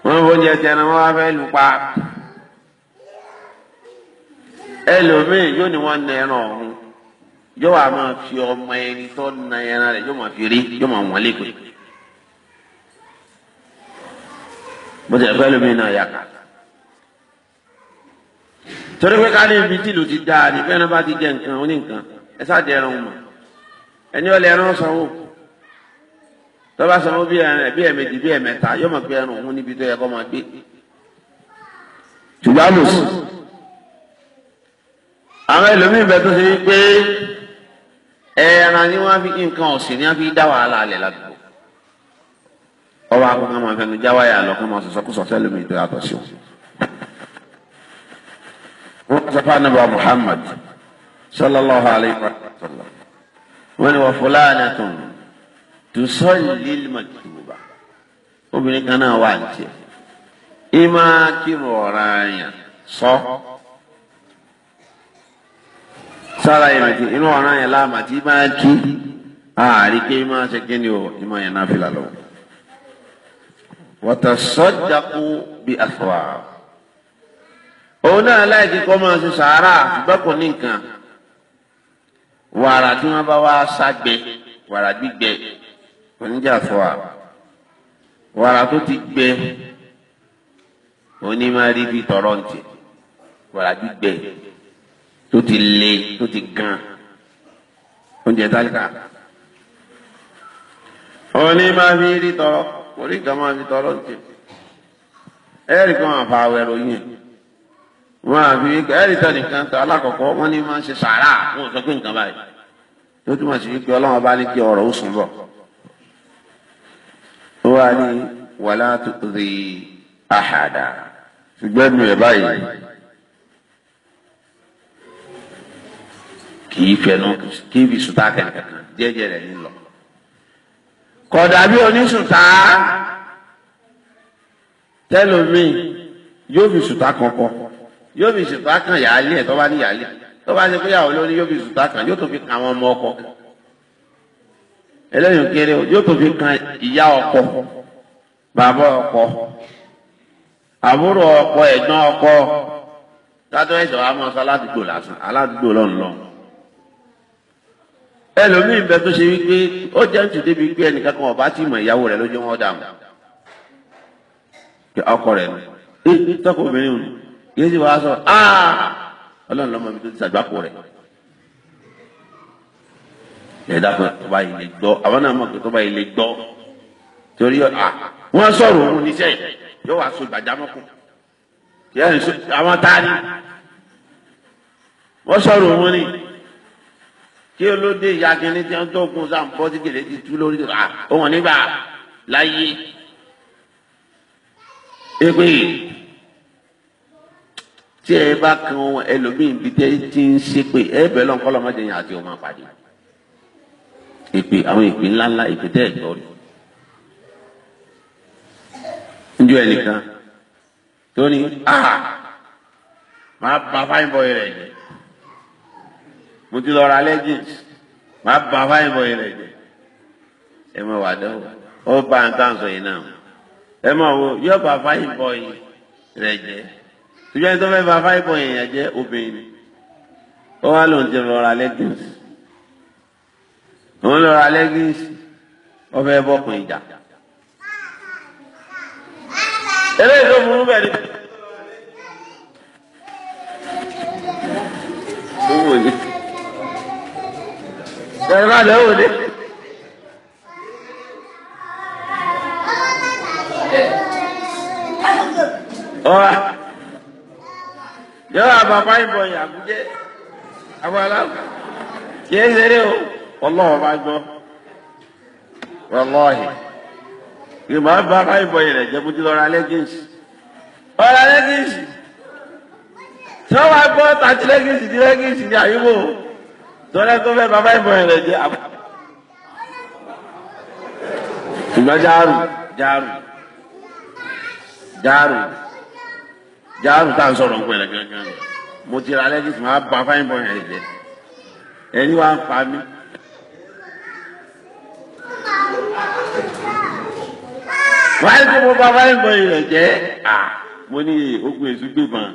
wọn fóúnjẹ tẹran wọn wá fẹ́ lù pa yóò ní wọn nà ẹran ọ̀hún yóò wá máa fi ọmọ ẹni tó ẹran yóò máa fi rí yóò máa lé pé bó ti ẹ fẹ́ lómi torí pé káàdé ibi tí ìlú ti dá a ní pé ẹran bá ti jẹ nǹkan ó ní nǹkan ẹ sáàdì ẹran mọ ẹni ọlẹ ẹran sanwó tọ́ba sanwó bí ẹran bí ẹ̀mẹjì bí ẹ̀mẹta yóò mọ̀ pé ẹran òun níbi tó yẹ kó máa gbé ṣùgbọ́n àmùsù àwọn ẹlòmíín bẹ tó ṣe wípé ẹran ni wọ́n fi nǹkan ọ̀sìn ni wọ́n fi dá wàhálà alẹ̀ ládùúgbò ọwọ́ akọ́kọ́ máa fẹnu jáwáyà lọ máa sọ̀sọ́kùsọ̀ wọ́n sọ fún anábà Muhammad sallallahu alayhi wa sallam wọ́n ní wọ́n fúlàní tó ń tùsọ̀lì màkìtùbà obìnrin kan náà wà ní tiẹ̀ ìmọ̀ kírun ọ̀ràn àyàn sọ sára ìrìnàjò inú ọ̀ràn yẹn láàmà tí máa kí ààrí pé máa ṣe kí ni o ìmọ̀ yẹn náà fi là lọ. wọ́tà sọ́jà kú bí àfọwà òun náà láìkí kọ́ máa ṣe sàárà ṣùgbọ́n kò ní nǹkan wàrà tí wọ́n bá wá ságbẹ wàrà gbígbẹ oníjà fọ à wàrà tó ti gbẹ òní máa rí bí wàrà gbígbẹ tó ti le tó ti gan oúnjẹ tálíkà òní máa fi rí tọrọ orí kan máa kan àfa yẹn wọn àfi wípé ẹ̀rí tọ́ nìkan tọ́ alákọ̀ọ́kọ́ wọn ní máa ń ṣe sàárà wọn ò sọ pé nǹkan báyìí tó túmọ̀ sí wípé ọlọ́run bá ní kí ọ̀rọ̀ ó sùn bọ̀ ó wà ní wàlá tó rí àhàdà ṣùgbọ́n ẹnu ẹ̀ báyìí kì í fẹnu kì í fi sùtá kankan jẹ́jẹ́ rẹ̀ nílọ kódà bí onísùtá tẹ́lómi yóò fi sùtá kankan yóò fi sùtá kan yàálé ẹ̀ tó bá ní yàálé tó bá ní péyàwó lórí yóò fi sùtá kan yóò tó fi kan àwọn ọmọ ọkọ ẹlẹ́yìn kéré yóò tó fi kan ìyá ọkọ bàbá ọkọ àbúrò ọkọ ẹ̀gbọ́n ọkọ tátó ẹ̀sọ̀ wa máa sọ aládùúgbò lásán aládùúgbò lọ́nà lọ. ẹlòmíì bẹ tó ṣe wípé ó jẹ́ ń tìde bíi pé ẹnìkan kan ọba tí mọ ìyàwó rẹ̀ lójú wọn dààmú ọkọ rẹ̀ ní tọkọ obìnrin nù yóò sì wá sọ aa ah! ọlọ́run lọ́mọ mi tó ti sàgbákò rẹ̀ ẹ̀dá kan tó bá ilé gbọ́ àwọn náà mọ̀ pé tó bá ilé gbọ́ torí à ah, wọ́n sọ̀rọ̀ òun níṣẹ́ yóò wá so gbàjámọ́kùn yẹ́n so àwọn tá a ní wọ́n sọ̀rọ̀ òun ní kí olóde ìyá kìíní tí wọ́n tó kún sáà ń bọ́ sí gèlè ti tú lórí rà ah, òun nígbà láyé. Epe yìí tí ẹ bá kan ẹlòmíín bíi tẹ ti ń ṣe pé ẹ bẹ̀rẹ̀ lọ́n kọ́lọ́ mọ́jẹ yẹn àti ọmọ àpàdé èpè àwọn èpè ńláńlá èpè tẹ́ ẹ̀ gbọ́ rí njọ ẹnìkan tó ní ah máa ba fáyín bọ̀ rẹ̀ jẹ́ mo ti lọ ra legends máa ba fáyín bọ̀ rẹ̀ jẹ́ ẹ mọ̀ wà dánwò ó bá ń tàn sọ yìí náà ẹ mọ̀ wo yóò ba fáyín bọ̀ rẹ̀ jẹ́ ṣùgbọ́n ẹni tó fẹ́ ba five point yẹn jẹ́ obìnrin ó wá lòun ti lọ ra leggings òun lọ leggings ó fẹ́ bọ́kùn ìjà. eléyìí tó burú bẹ́ẹ̀ ni. ẹ̀rọ àdéhùn ni. ọ̀rọ̀ yọ̀rọ̀ àbàbá ìbọn ìyàgújẹ́ abala kì í ṣeré o ọlọ́wọ́ bá gbọ́ wọlọ́ọ̀hì ìgbà bàbá ìbọn rẹ̀ jẹ́ bójú lọ́ra lẹ́gẹ̀ẹ́sì ọ̀ra lẹ́gẹ̀ẹ́sì tí wọ́n wá gbọ́ tàti lẹ́gẹ̀ẹ́sì ti lẹ́gẹ̀ẹ́sì ní àyíwò tọ́lẹ́ tó fẹ́ bàbá ìbọn rẹ̀ jẹ́ àbá. ìgbà jáàrù jáàrù jáàrù jáàrú tá à ń sọ̀rọ̀ pẹ̀lẹ́ gángan mo ti ra lẹ́gìsì máa ba fáyín bọ̀ yẹn jẹ ẹni wá ń pa mí. wáyé tí mo bá fáyín bọ̀ yẹn jẹ́ à mo ní ogun èso gbé ban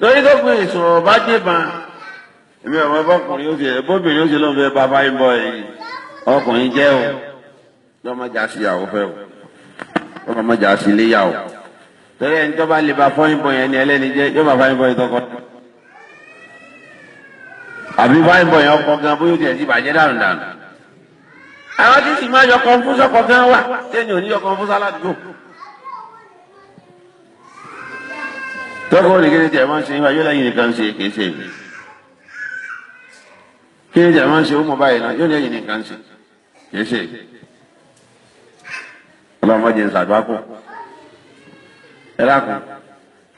lórí tó gbé èso ọba gbé ban èmi ọmọ ẹbọkùnrin ó fi ẹbọbìnrin ó ṣe lọ́nà fẹ́ bá fáyín bọ̀ yẹn ọkùnrin jẹ́ o lọ́mọdé àṣìyàwó fẹ́ o torí ẹni tó bá lè ba fọ́yín bọ̀ yẹn ni ẹlẹ́ni jẹ́ yóò bá fọ́yín bọ̀ yẹn tọkọ. àbí fọ́yín bọ̀ yẹn ọkọ gan bóyá tiẹ̀ ti bàjẹ́ dànù dànù. àwọn tí sì máa yọkọ fún sọkọ gan wà sẹ́yìn òní yọkọ fún sáládùúgbò. tọkọ oníkéré tiẹ̀ máa ń ṣe wáyé lẹ́yìn nìkan ṣe kì í ṣe èmi. kí ni tiẹ̀ máa ń ṣe ó mọ báyìí náà yóò lẹ́yìn nìkan ṣe kì í ṣe èmi. ẹ lákun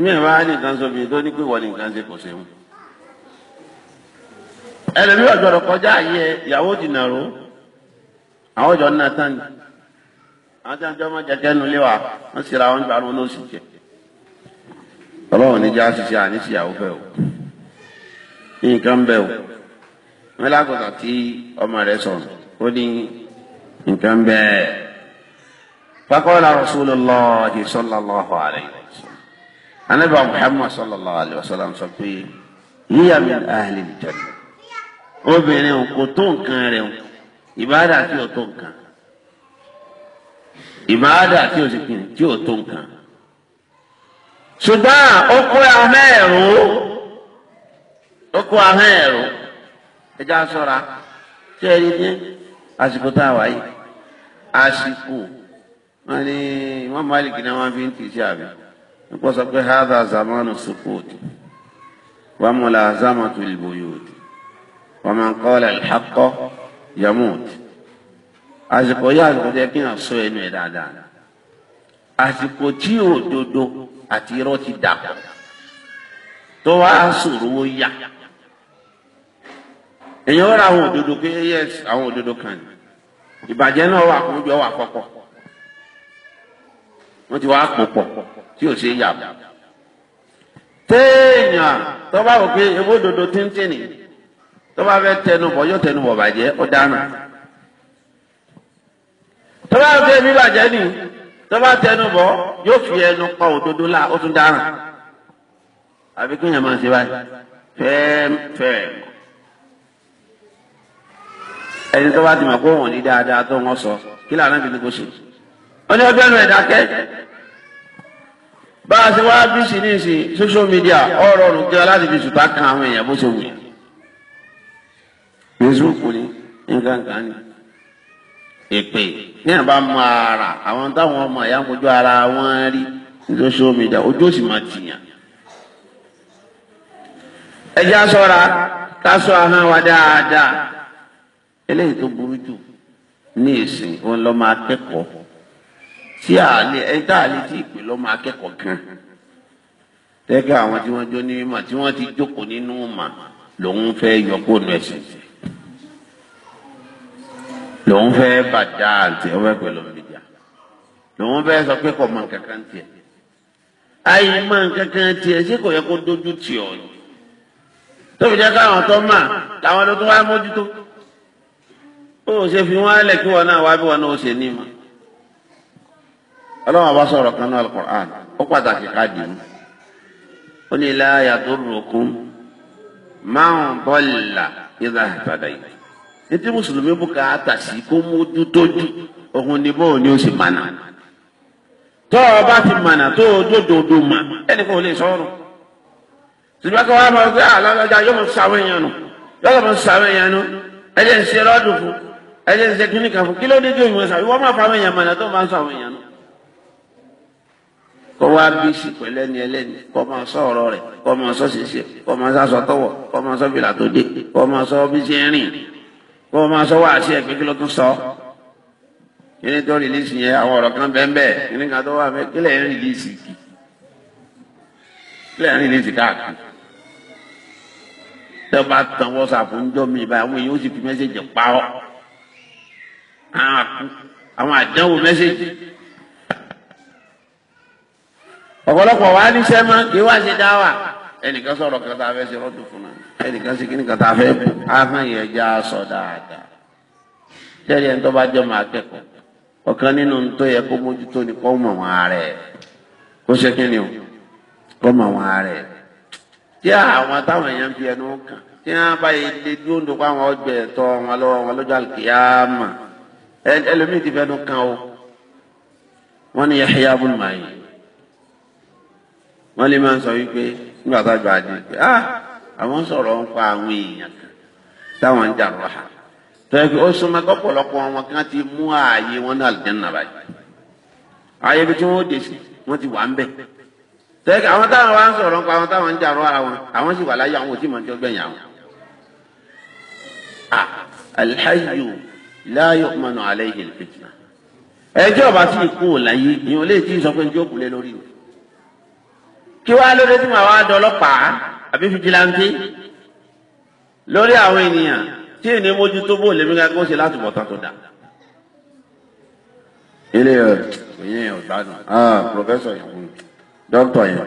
mi ì máa ní nǹkan sóbi tó ní pé wọ́n ní nǹkan ṣe kò ṣe kọjá ayé ìyàwó ti nàró àwọn ìjọ náà tán àwọn tí wọn jọ máa jẹjẹ nulẹ̀ wa wọ́n sì ra wọn wọn lóṣù jẹ. ọlọ́run ní já ṣiṣẹ́ àníṣìyàwó fẹ́ o nǹkan bẹ́ẹ̀ o tí فقال رسول الله صلى الله عليه وسلم أنا أبا محمد صلى الله عليه وسلم صفي هي من أهل الجنة obìnrin kò tó nǹkan rẹ̀ ìbáàdà tí ò tó nǹkan ìbáàdà tí ò sì kìnnì tí ò tó nǹkan ṣùgbọ́n ó kó ahọ́n ẹ̀rú ó kó ahọ́n ẹ̀rú ẹja sọ́ra tí ẹ rí ní àsìkò tá a wáyé àsìkò wọ́n ní Imam Malik náà wọ́n fi ń tì sí àbí wọ́n sọ pé hadha zamanu sukut wa mulazamatu al-buyut wa man qala al-haqqa yamut àsìkò yá àsìkò jẹ́ kí hàn sọ ẹnu ẹ̀ dáadáa àsìkò tí òdodo àti irọ́ ti dàpọ̀ tó wá sòrò ó yá èèyàn rà àwọn òdodo pé yes àwọn òdodo kan ìbàjẹ́ náà wà kó jọ wà kọ́kọ́ wọ́n ti wá pò pọ̀ tí ò ṣe é yà bọ̀. téèyàn tó bá wò pé ewé òdodo tíntín ni tó bá fẹ́ tẹnubọ̀ yóò tẹnubọ̀ bàjẹ́ ó dáná. tó bá wò pé èmi bàjẹ́ nì tó bá tẹnubọ̀ yóò fi ẹnu pa òdodo là ó tún dáná. àfi kéèyàn máa ṣe báyìí fẹ́ẹ́fẹ́ẹ́ ẹni tó bá ti mọ̀ pé òun ní dáadáa tó wọ́n sọ kí làwọn ẹbí ni kò ṣe wọ́n ní ọgbẹ́nu ẹ̀dá kẹ́ bá a ṣe wá bí sí ní ìsìn social media ọ̀rọ̀ ọ̀rùn jẹ́ láti fi ṣùtá kan àwọn èèyàn bó ṣe wù yẹn Facebook ni nǹkan kan ni èpè ní àbá mọ ara àwọn táwọn ọmọ ẹ̀yà ń kojú ara wọn rí ní social media ojú òsì máa tìyàn ẹjẹ́ aṣọ́ra ká sọ ahọ́n wa dáadáa eléyìí tó burú jù ní ìsìn òun lọ́ máa kẹ́kọ̀ọ́ tí a lè ẹ tá a lè tí ìpè lọ́mọ akẹ́kọ̀ọ́ kan tẹ́gà àwọn tí wọ́n jó ní mímọ̀ tí wọ́n ti jókòó nínú mà lòun fẹ́ yọ kó nu ẹ̀sìn lòun fẹ́ bàjá àǹtí ọwọ́ ẹ̀pẹ̀ lòun lè jà lòun fẹ́ sọ pé kò mọ kankan tiẹ̀ ayé mọ kankan tiẹ̀ ṣé kò yẹ kó dójú tì ọ́ ni tóbi jẹ́ káwọn tó mà làwọn ló tó wá mójútó ó ṣe fi wọ́n á lẹ̀ kí wọn náà wá bí wọn náà ó ṣe ní mọ́ ọlọ́wọ́n bá sọ̀rọ̀ kan náà alukur'an ó pàtàkì ká dì mú ó ní la yadurrukum man dalla idha ihtadayt yìí ètí mùsùlùmí bùkátà sí kó mójú tójú òun ni bóun ni ó sì mànà tọ́ ọ bá ti mànà tó o dódòdó mà ẹnì kan ò lè sọ̀rọ̀ ṣùgbọ́n kí wọ́n á máa gbé àlọ́lọ́jà ah, yóò mọ̀ sàwọn èèyàn nù yóò mọ̀ sàwọn èèyàn nù ẹ̀jẹ̀ ń ṣe rọ́ọ̀dù fún ẹ̀jẹ̀ ń ṣe kíníkà fún kí ló dé tó ìmọ̀ sàwọn èèyàn mànà tó máa ń èèyàn nù kọ́ wá bí sípò ẹlẹ́ni ẹlẹ́ni kọ́ máa sọ ọ̀rọ̀ rẹ̀ kọ́ máa sọ ṣèṣe kọ́ máa sọ tọwọ̀ kọ́ máa sọ bìlà tó dé kọ́ máa sọ bí ṣe ń rìn kọ́ máa sọ wáàsí ẹ̀ pé kí ló tún sọ. kíní tó rìlíìsì yẹn àwọn ọ̀rọ̀ kan bẹ́ẹ̀ bẹ́ẹ̀ kíní kan tó wà fẹ́ kílẹ̀ ń rìlíìsì kì kílẹ̀ ń rìlíìsì káàkiri. tẹ́ bá tan wọ́sàpù ń jọ́ mi báyìí àwọn èèyàn ó sì fi mẹ́sẹ̀jì ọ̀pọ̀lọpọ̀ wa níṣẹ́ mọ́ kí wá ṣe dá wà ẹnìkan sọ̀rọ̀ kan tá a fẹ́ ṣe rọ́dùn fún un ẹnìkan sí kíní kan tá a fẹ́ bù ahọ́n yẹn já sọ dáadáa tẹ́lẹ̀ ẹni tó bá jọ máa kẹ́kọ̀ọ́ ọ̀kan nínú tó yẹ kó mójútó ni kó mọ̀ wọn ààrẹ kó ṣe kíni o kó mọ̀ wọn ààrẹ tí àwọn táwọn èèyàn fi ẹnu kàn tí wọn bá yẹ lé dúndùn kó àwọn ọgbẹ ẹ̀tọ́ wọn lọ́wọ́ wọn lọ́jọ́ àlùkìyàmà ẹlòmíì ti fẹnu kàn o wọn ni Yahya abúlùmáyé wọ́n lè máa ń sọ wípé nígbà tá a gba àdé pé ah àwọn ń ń pa àwọn èèyàn kan táwọn ń jà lọ́ha tọ́yẹ pé ó súnmọ́ kọ́pọ̀lọpọ̀ wọn kí wọ́n ti mú ààyè wọn náà lẹ́nu náà báyìí ààyè ibi tí wọ́n dé sí wọ́n ti wà ń bẹ̀ tọ́yẹ pé àwọn táwọn wá ń sọ̀rọ̀ ń pa àwọn táwọn ń jà lọ́ha wọn àwọn sì wà láyé àwọn òtí màá jọ gbẹ̀yìn àwọn. Ah, alhayu la yu'manu alayhi alfitna ẹjọ́ bá ti kú ò láyé ìyẹn lè ti sọ pé njó kulẹ̀ lórí o kí wàá lóde tí màá wá dọlọ́pàá àbí fìjìláńtì lórí àwọn ènìyàn tí ènì mójútó bò lèmi ká kó ṣe láti bọ̀ tó dà. ilé ẹ ìyẹn ò ah professor yẹn doctor yẹn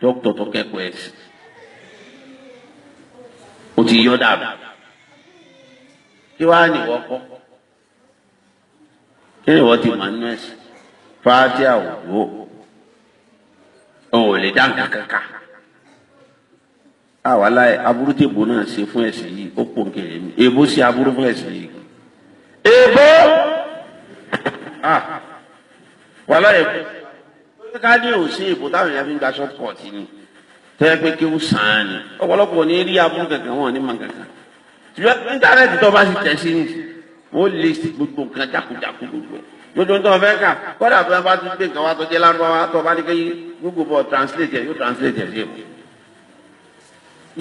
doctor tó kẹ́kọ̀ọ́ ẹ̀ sí o ti yọ dàrú kí wàá nìwọ kọ́ kí nìwọ ti mọ̀ nínú ẹ̀sìn fàájì àwòrán òun ò lè dá nǹkan kankan àwàlá aburú tèbó náà ṣe fún ẹ̀sìn yìí ó pò nkèrè mi èbó ṣe aburú fún ẹ̀sìn yìí èbó ah! wàhálà èbó ká ní òsín èbó táwọn èèyàn fi ń gba short cut ni tẹ́lẹ̀ pé kí ó sàn án ni ọ̀pọ̀lọpọ̀ ní rí aburú kankan wọn ní mọ̀ kankan ṣùgbọ́n íńtánẹ́ẹ̀tì tó bá sì tẹ̀ sí ni wọ́n lè gbogbo nǹkan jákujáku gbogbo ẹ̀ gbogbo tó fẹ́ kà kọ́dà tó bá tún gbé nǹkan wá tó jẹ́ lárúbáwá tó bá ní kéyí Google bọ̀ translate yóò translate ẹ̀ sí ìbò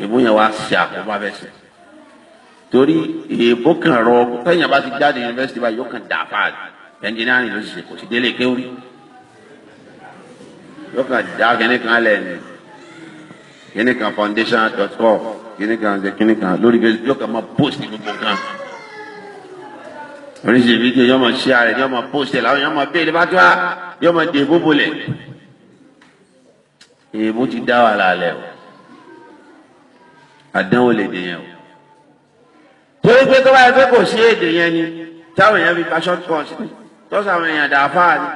ìbò yẹn wá ṣe àkóbá bẹ́ẹ̀ sẹ̀ torí ìbò kan rọ tẹ́yìn bá ti jáde yunifásitì báyìí yóò kàn dà fáàlì ẹnjìnírìn ló sì ṣe kò sí délé kéwì yóò kàn dá kíní kan lẹ̀ ní kíní kan foundation dot com kíní kan kíní kan lórí yóò kàn máa post gbogbo kan oríṣi fídíò yọmọ ṣíà rẹ yọmọ pósítẹ làwọn yọmọ béèrè bá tíwá yọmọ dè bóbó lẹ èèmú ti dá wà lálẹ́ o àdánwò lè dè yẹn o torí pé tó bá yẹ pé kò sí èdè yẹn ni táwọn èèyàn fi pàṣọ tó ọsẹ tọ́sí àwọn èèyàn dà fáà ni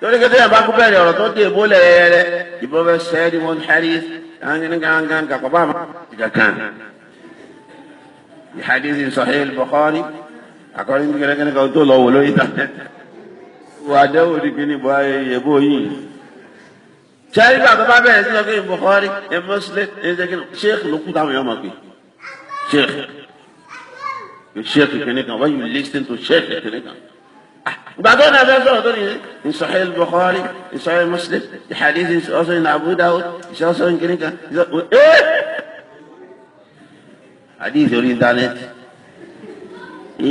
torí pé téèyàn bá kú bẹ̀rẹ̀ ọ̀rọ̀ tó dè bó lẹ́yẹrẹ ìbò bẹ sẹ́ẹ̀dì wọn hẹ́rì gangan kakọ̀ bá a ma kankan àkọ́rí ní kẹ́lẹ́kẹ́lẹ́ kan tó lọ wò lórí internet wò àdéhùn ní kíní bọ́ ẹ̀yẹ̀bó yìí sẹ́yìn nígbà tó bá bẹ̀rẹ̀ sí ọkọ̀ ìbùkọ́rí ẹ̀mọ́sílẹ̀ ẹ̀ẹ́dẹ́gẹ́nà sheikh ló kú táwọn èèyàn máa pè sheikh sheikh kìnìún kan why you listen to sheikh kìnìún kan. Ah, ìgbà tó náà fẹ́ sọ̀rọ̀ tó ní ìsọ̀hẹ́ ìbùkọ́rí ìsọ̀hẹ́ Muslim ìhàdíìsì ìsọ̀sọ̀ ìnà Abu Dawud ìsọ̀sọ̀ kìnìún kan. àdìsí eh! orí íńtánẹ́ẹ̀tì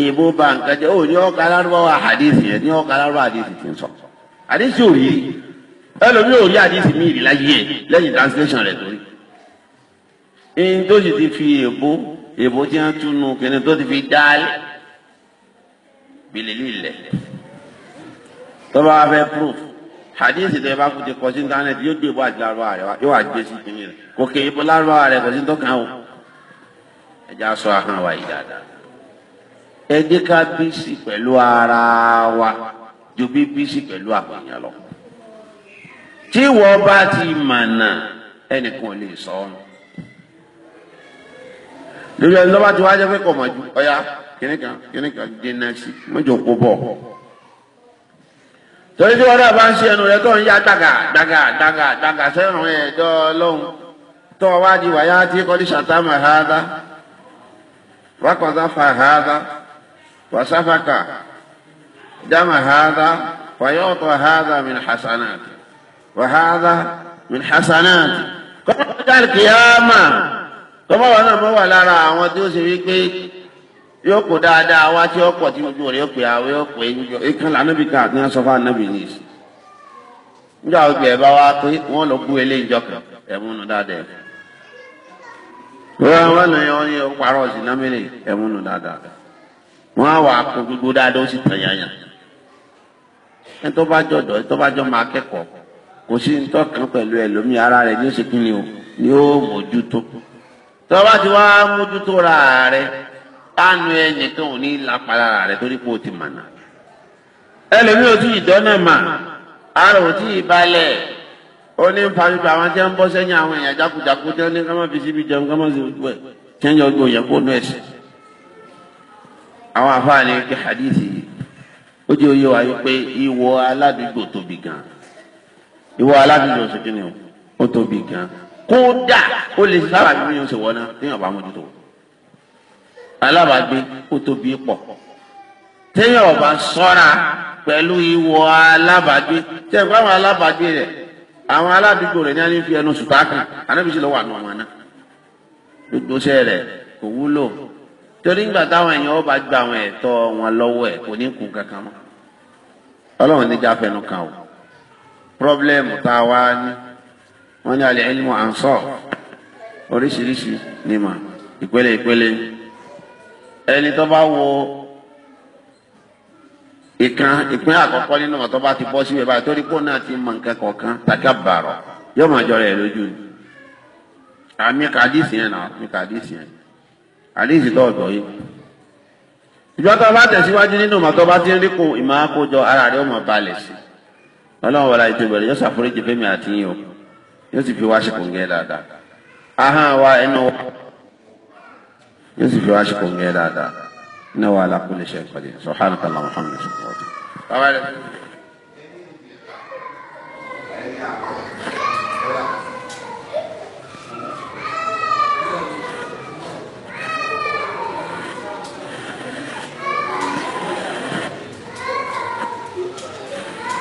ìbò bá nǹkan jẹ́ ó ní ọkà alárúbáwá àdìsí yẹn ní ọkà alárúbáwá àdìsí ti ń sọ àdìsí ò rí ẹlòmíì ò rí àdìsí mi ìrìlá yìí ẹ lẹ́yìn translation rẹ̀ torí ẹni tó sì ti fi èbó èbó tí wọ́n túnú kíni tó ti fi dálé bìlìlì ilẹ̀ tó bá fẹ́ proof àdìsí tó yẹ bá kú ti kọ sí internet yóò gbé ìbò àti lárúbáwá rẹ̀ yóò wá gbé sí kíni kò kéèbó lárúbáwá rẹ̀ kò sí tó kàn án o ẹ̀jẹ̀ aṣọ àhàn wa yìí dáadáa ẹ jẹ́ ká bísí pẹ̀lú ara wa ju bí bísí pẹ̀lú àwọn èèyàn lọ. tí wọ́n bá ti mànà ẹnìkan ò lè sọ ọ́ nù. lórí ẹni lọ́ba tí wàá jẹ́ pé kò mọ̀ ju ọ̀ya kìnìkan kìnìkan dènà sí mọ́jọ kó bọ̀. torí tí wọ́n bá ń ṣe ẹnu rẹ tó ń yá dàgà dàgà dàgà dàgà sẹ́rùn ẹ̀ lọ́hùn tó wá di wàyà tí kọ́lí ṣàtàmà hàdá wákọ̀ọ́sá fà hàdá. وسفك دم هذا فيعطى هذا من حسناته وهذا من حسناته قال القيامة tọ́mọ́ wọn náà mọ́ wà lára àwọn tí ó ṣe wípé yóò kó dáadáa wá tí ó pọ̀ tí ojú rẹ̀ yóò pè àwọn yóò pè é ìkan lànàbí ká àti náà sọ fún ànàbí wọ́n á wà gbogbo dáadáa ó sì tàn yàn yàn ẹni tó bá ẹni tó bá jọ máa kẹ́kọ̀ọ́ kò sí nítọ́ kan pẹ̀lú ẹlòmíì ara rẹ̀ ní ó ṣe kí ni o ni ó mójútó tó bá ti wá mójútó ra rẹ̀ tánu ní torí pé o ti mànà ìdọ́nà mà ara ní fami pa ní fi síbi àwọn afáàní ojú hadithi ó jẹ́ oyé wa wípé ìwọ aládùúgbò tóbi gan ìwọ aládùúgbò sókè ni ó tóbi gan kódà ó lè sábà bí wọ́n ṣe wọ́n náà téèyàn bá mójútó alábàágbé ó tóbi pọ̀ téèyàn bá sọ́ra pẹ̀lú ìwọ alábàágbé tẹ̀ fún àwọn alábàágbé rẹ̀ àwọn aládùúgbò rẹ̀ ní àní fi ẹnu sùtá kan ànábìsí lọ́wọ́ àná wọn náà gbogbo iṣẹ́ rẹ̀ kò wúlò torí ńgbà táwọn èèyàn ọba gba àwọn ẹ̀tọ́ wọn lọ́wọ́ ẹ̀ kò ní kú kankan mọ́ ọlọ́run ní já fẹnu kan o pírọ́blẹ́mù tá a wá ní wọ́n ní à ń ànsọ́ oríṣiríṣi ni mà ìpele ìpele ẹni tó bá wo ìkan ìpín àkọ́kọ́ nínú ọ̀tọ́ bá ti bọ́ síbẹ̀ báyìí torí náà ti mọ nǹkan kọ̀ọ̀kan tàkà àdéhìí tọ́ọ̀tọ̀ yìí ìjọ tó bá tẹ̀síwájú nínú ìmọ̀ tó bá ti ń rí ìmọ̀ àkójọ ara rẹ̀ ó balẹ̀ sí ọlọ́run wọlé ètò ìbẹ̀rẹ̀ yóò ṣàforíjì fẹ́mi àti yín o yóò sì fi wá ṣe kòǹgẹ́ dáadáa ahọ́n wa ẹnu wa yóò sì fi wá ṣe kòǹgẹ́ dáadáa iná wa alákùnlé ṣe kàlá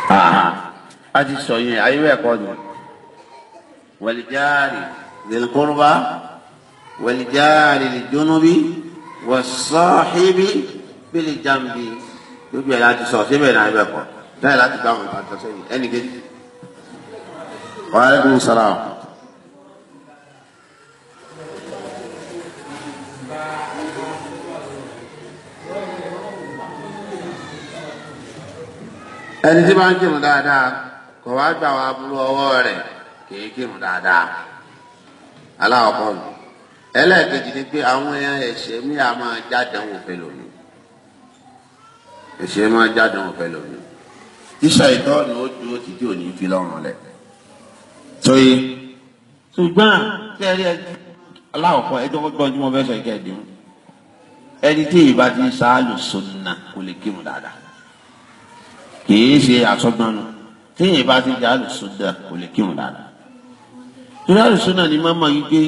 a ah. ti sọ yẹn ayé bẹ́ẹ̀ kọ́ ni wàlìjáàrì lẹ́lẹ́kọ́rọ́bá wàlìjáàrì lẹ́jọ́núbí wàsáhíbí bílẹ̀ jàmbí gbogbo ẹ̀ láti sọ síbẹ̀ náà bẹ́ẹ̀ kọ́ bẹ́ẹ̀ láti gbà wọn àtọ́sẹ́yìn ẹnì kejì. wàhálà ìdúró sara. ẹni tí bá ń kírun dáadáa kò wá gbà wá burú ọwọ́ rẹ̀ kìí kírun dáadáa aláwọ̀kọ́ nù ẹlẹ́ẹ̀kejì ni pé àwọn ẹ̀ṣẹ̀ mi à máa jáde wọn fẹ́ lómi ẹ̀ṣẹ̀ máa jáde wọn fẹ́ lómi iṣẹ́ ìtọ́nù ó dúró títí òní fi lọ́rùn lẹ̀ tóyé ṣùgbọ́n tẹ́lẹ̀ ẹgbẹ́ aláwọ̀kọ́ ẹjọ́ gbọ́n tí wọ́n fẹ́ sọ ẹni tí ìbá ti ń sáà lù kò lè kírun dáadáa kìí ṣe àtọ́gbọ́nù téèyàn bá ti jà lùsùnà kò lè kírun dáadáa ìjà lùsùnà ni màmá yìí pé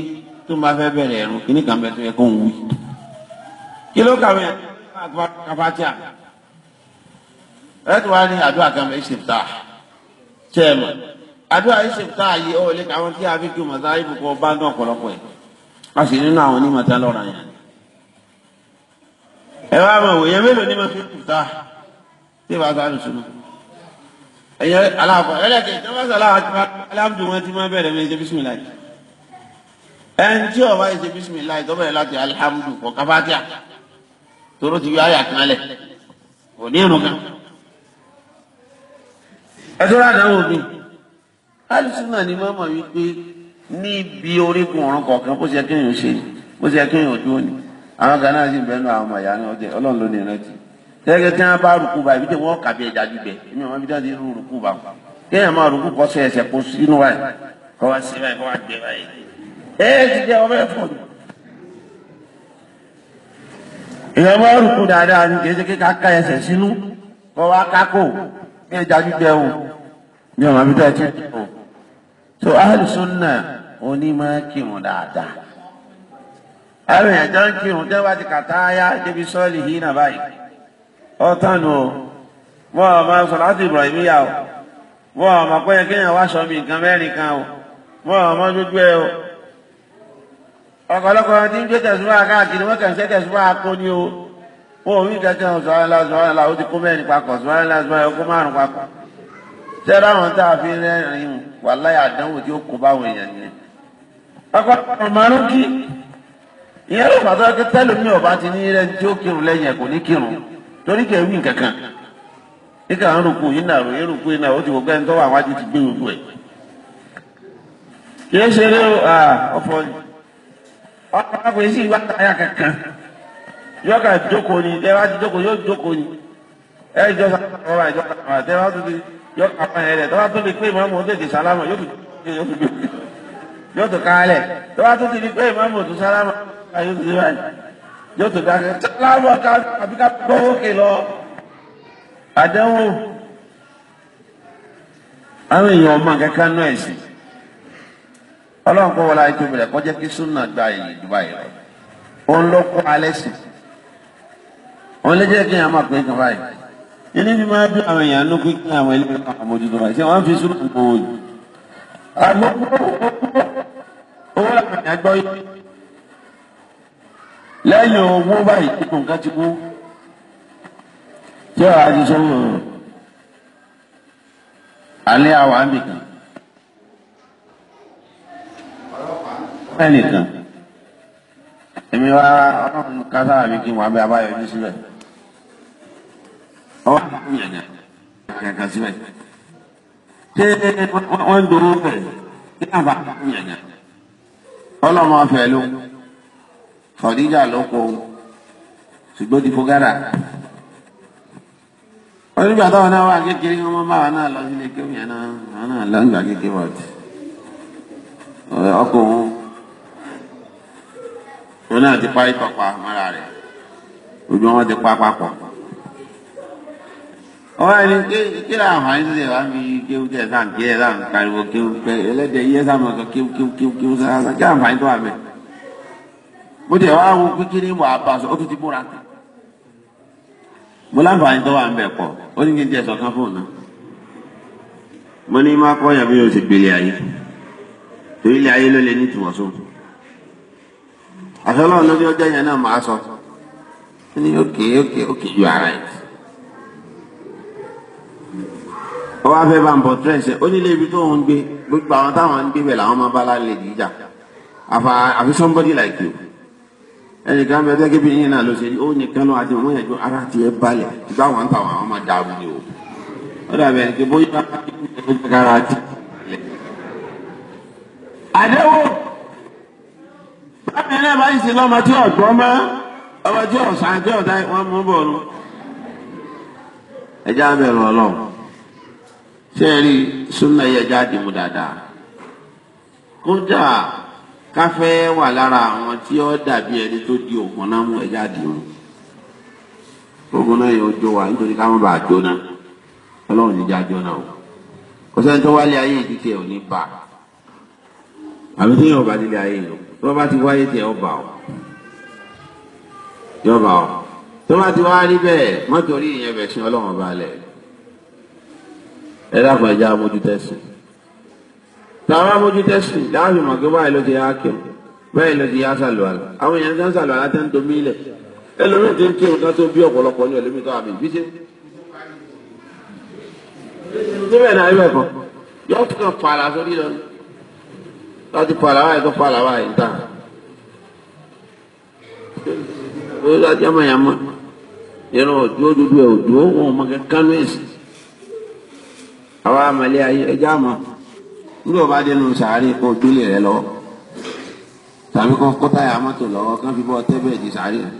tó máa fẹ́ bẹ̀rẹ̀ ẹ̀rùn kíní kan bẹ́ẹ̀ tó yẹ kó ń wí kí ló kàwé kapatia ẹ̀ẹ́dùn wa ní àdúrà kan bẹ́ẹ̀ ṣe ta tẹ́ ẹ mọ̀ àdúrà yìí ṣe ta yìí ó lè káwọn tí a fi kí mọ̀tá ibùkọ́ bá ní ọ̀pọ̀lọpọ̀ ẹ̀ a sì nínú àwọn onímọ̀tá lọ́ra yẹn ẹ wá mọ̀ wòye mélòó ni mo fi kù ta bí wàá gba àlùsùnà ẹyẹ aláàbọ ẹlẹkẹ ìjọba sọlá aláàbùdù wọn ti máa bẹ̀rẹ̀ mi ṣe bísímìlá yìí ẹn tí ọba yìí ṣe bísímìlá yìí tọ́bẹ̀rẹ̀ láti alihamudu kọ káfátíà tóró ti yọ àyà kan lẹ kò ní irun kan tẹ́gẹ́ tí wọ́n bá rúkú bá ibi tí wọ́n kà bí ẹja gbígbẹ èmi àwọn abidjan ti rú rúkú bá wọn kéèyàn máa rúkú kọ́ sí ẹsẹ̀ kó sínú wa yìí kọ́ wá sí báyìí kọ́ wá gbé báyìí ẹ ti jẹ́ ọmọ ẹ̀fọ́ ni. èèyàn máa rúkú dáadáa ní kéèyàn kéèyàn ká ẹsẹ̀ sínú kọ́ wá kákò bí ẹja gbígbẹ o ní àwọn abidjan ti rú o. so alùsùn náà oní máa kírun dáadáa. àwọn èèyàn jẹ́ ń kírun tẹ́wọ́ ti kàtá ayá débi sọ́ọ̀lì yìí náà báyìí ọ̀tánu wọ́n ọmọ sọ̀láàtì Ibrahim yà ó wọ́n ọmọ pẹ́yẹ kéèyàn wá sọ mi nǹkan mẹ́rin kan ó wọ́n ọmọ dúdú ẹ ó ọ̀pọ̀lọpọ̀ tí ń gbé tẹ̀síwá káàkiri wọ́n kàn ń sẹ́ tẹ̀síwá kó ní o wọn ò rí kankan sọ̀rọ̀lá sọ̀rọ̀lá ó ti kó mẹ́rin papọ̀ sọ̀rọ̀lá sọ̀rọ̀lá ó kó márùn papọ̀ tẹ́lá àwọn tá a fi rẹ́rìn wàláyé àdánwò tí ó kó báwọn èèyàn yẹn ọ̀pọ̀lọpọ̀ márùn kí ìyẹn ló fàtọ́ kí tẹ́lómi ọ̀bá ti ní rẹ̀ tí ó kírun lẹ́yìn ẹ̀ kò ní kírun torí kẹ́ wí nǹkan kan nígbà wọn rò kú yín náà rò yín rò kú yín náà ó ti wò gbẹ́ni tó wà wájú ti gbé gbogbo ẹ̀. kì í ṣe eré ọ̀fọ̀ ọkọ̀ èsì ìwà táyà kankan yóò kà jókòó ni ẹ bá ti jókòó yóò jókòó ni ẹ jọ sàkóra ìjọ kàmá tẹ bá tó ti yọ kàmá yẹn lẹ tó tó ti pé ìmọ̀ ọmọ tó sálámà yóò tó kálẹ̀ tó tó ti di pé ìmọ̀ ọmọ tó sálámà yóò fi gbé báyìí yóò tó dákẹ́ láwọn ká àbí ká gbọ́wọ́ kè lọ àdéhùn àwọn èèyàn ọmọ kankan náà ẹ̀sìn ọlọ́run kọ́ wọlé àìtó bẹ̀rẹ̀ kọjá kí súnà gba ìlú báyìí lọ òun ló kọ́ alẹ́ sìn òun lè jẹ́ kí èèyàn máa pè é kan báyìí ilé ní máa bí àwọn èèyàn lókè kí àwọn ilé kan àwọn ojútùú báyìí ṣé wọ́n fi súnà gbòòyì. àwọn owó làwọn èèyàn gbọ́ yìí lẹ́yìn owó báyìí gbogbo nǹkan ti kú tí ọ̀rọ̀ ajé sọ́wọ́ alẹ́ àwọn àmì kan ẹnìkan èmi wá ọlọ́run kásá àbí kí wọ́n abẹ́ abáyọ ní síbẹ̀ ọwọ́ àbúkú yẹ̀gàn yẹ̀gàn síbẹ̀ ṣé wọ́n ń doró bẹ̀ kí àbá àbúkú yẹ̀gàn ọlọ́run ọ̀fẹ́ ló ń. Khadija ló kó ṣùgbọ́n ti fogara onígbà táwọn náà wà kékeré wọn máa báwa náà lọ sílé kéwì yẹn náà àwọn náà lọ nígbà kékeré wọn ti ọkọ òun òun náà ti pa ìtọpa mọ́ra rẹ̀ ojú wọn ti pa papọ̀ ọwọ́ ẹni kí ló àwọn àyè sísè wá fi kéwù tẹ̀ sáà kí ẹ̀ sáà pariwo kéwù pé ẹlẹ́dẹ̀ẹ́ sáà mọ̀ kéwù kéwù kéwù kéwù sáà kí àwọn àyè tó wà mẹ́ẹ̀ mo jẹ wá wo kékeré wà á sọ ó tún ti búra tán mo láǹfààní tó wà ń bẹ̀ pọ̀ ó ní kí n jẹ sọ̀kan fóun náà mo ní má kọ́ yàgbé yóò ti gbélé ayé torí ilé ayé ló lè ní ìtumọ̀ sóhun lórí ọjọ́ yẹn náà máa sọ ní òkè òkè òkè ju ara ẹ̀ ó wá fẹ́ bá ń bọ̀ tírẹ̀sì ó nílé ibi tó ń gbé gbogbo àwọn táwọn ń gbé bẹ̀ làwọn máa bá lálẹ́ ìjà àfi somebody like you ẹnìkan bẹ gẹ́gẹ́ bí yín náà ló ṣe ó nìkan ló àti mọmọ yẹn ju ara tiẹ̀ balẹ̀ ìgbà wọn ta wọn àwọn máa dààmú ni o ó dàbẹ ẹni pé bóyá bá kí ni ẹni tó kára ti lẹ. àdéhùn bámi náà bá ń sin lọ́mọ tí ọ̀gbọ́n mọ́ ọmọ tí ọ̀sán tí ọ̀dá wọn mú bọ̀ nù. ẹja bẹ̀rù ọlọ́run ṣé ẹ rí súnmọ́ ẹ̀yẹ jáde mú dáadáa kódà káfẹ́ wà lára àwọn tí ó dàbí ẹni tó di òkun náà mú ẹja dì mú òkun náà yóò jó wa nítorí ká má bàa jóná ọlọ́run níjà jóná o kò sẹ́ni tó wálé ayé ìdí tiẹ̀ ò ní bà àbí tí yóò bá nílé ayé lò tó bá ti wáyé tiẹ̀ ó bà ọ́ yóò bà ọ́ tó bá ti wá rí bẹ́ẹ̀ mọ́tò orí ìyẹn bẹ̀ sí ọlọ́run balẹ̀ ẹ dákun ẹja mójútẹ́sìn tàwa bójú tẹ́sì láàbì mọ̀ kí báyìí ló ti yá kí o báyìí ló ti yá sàlù àlà àwọn èèyàn ti ń sàlù àlà tẹ́ ń domi ilẹ̀ ẹlòmíì ti ń kí nǹkan tó bí ọ̀pọ̀lọpọ̀ ní ẹlòmíì tó àmì bíṣe. níbẹ̀ náà ibẹ̀ kan yóò tún kàn pààlà sórí lọ láti pààlà wáyé tó pààlà wáyé ń tà. ó yà jẹ́mọ̀ yà mọ̀ yẹnu òdúró dúdú ẹ̀ òdúró nígbà bá dénú sàárè kó gbélé rẹ lọ tàbí kó kọ́tà yà mọ́tò lọ́wọ́ kán fi bọ́ tẹ́bẹ̀ẹ́dì sàárè rẹ.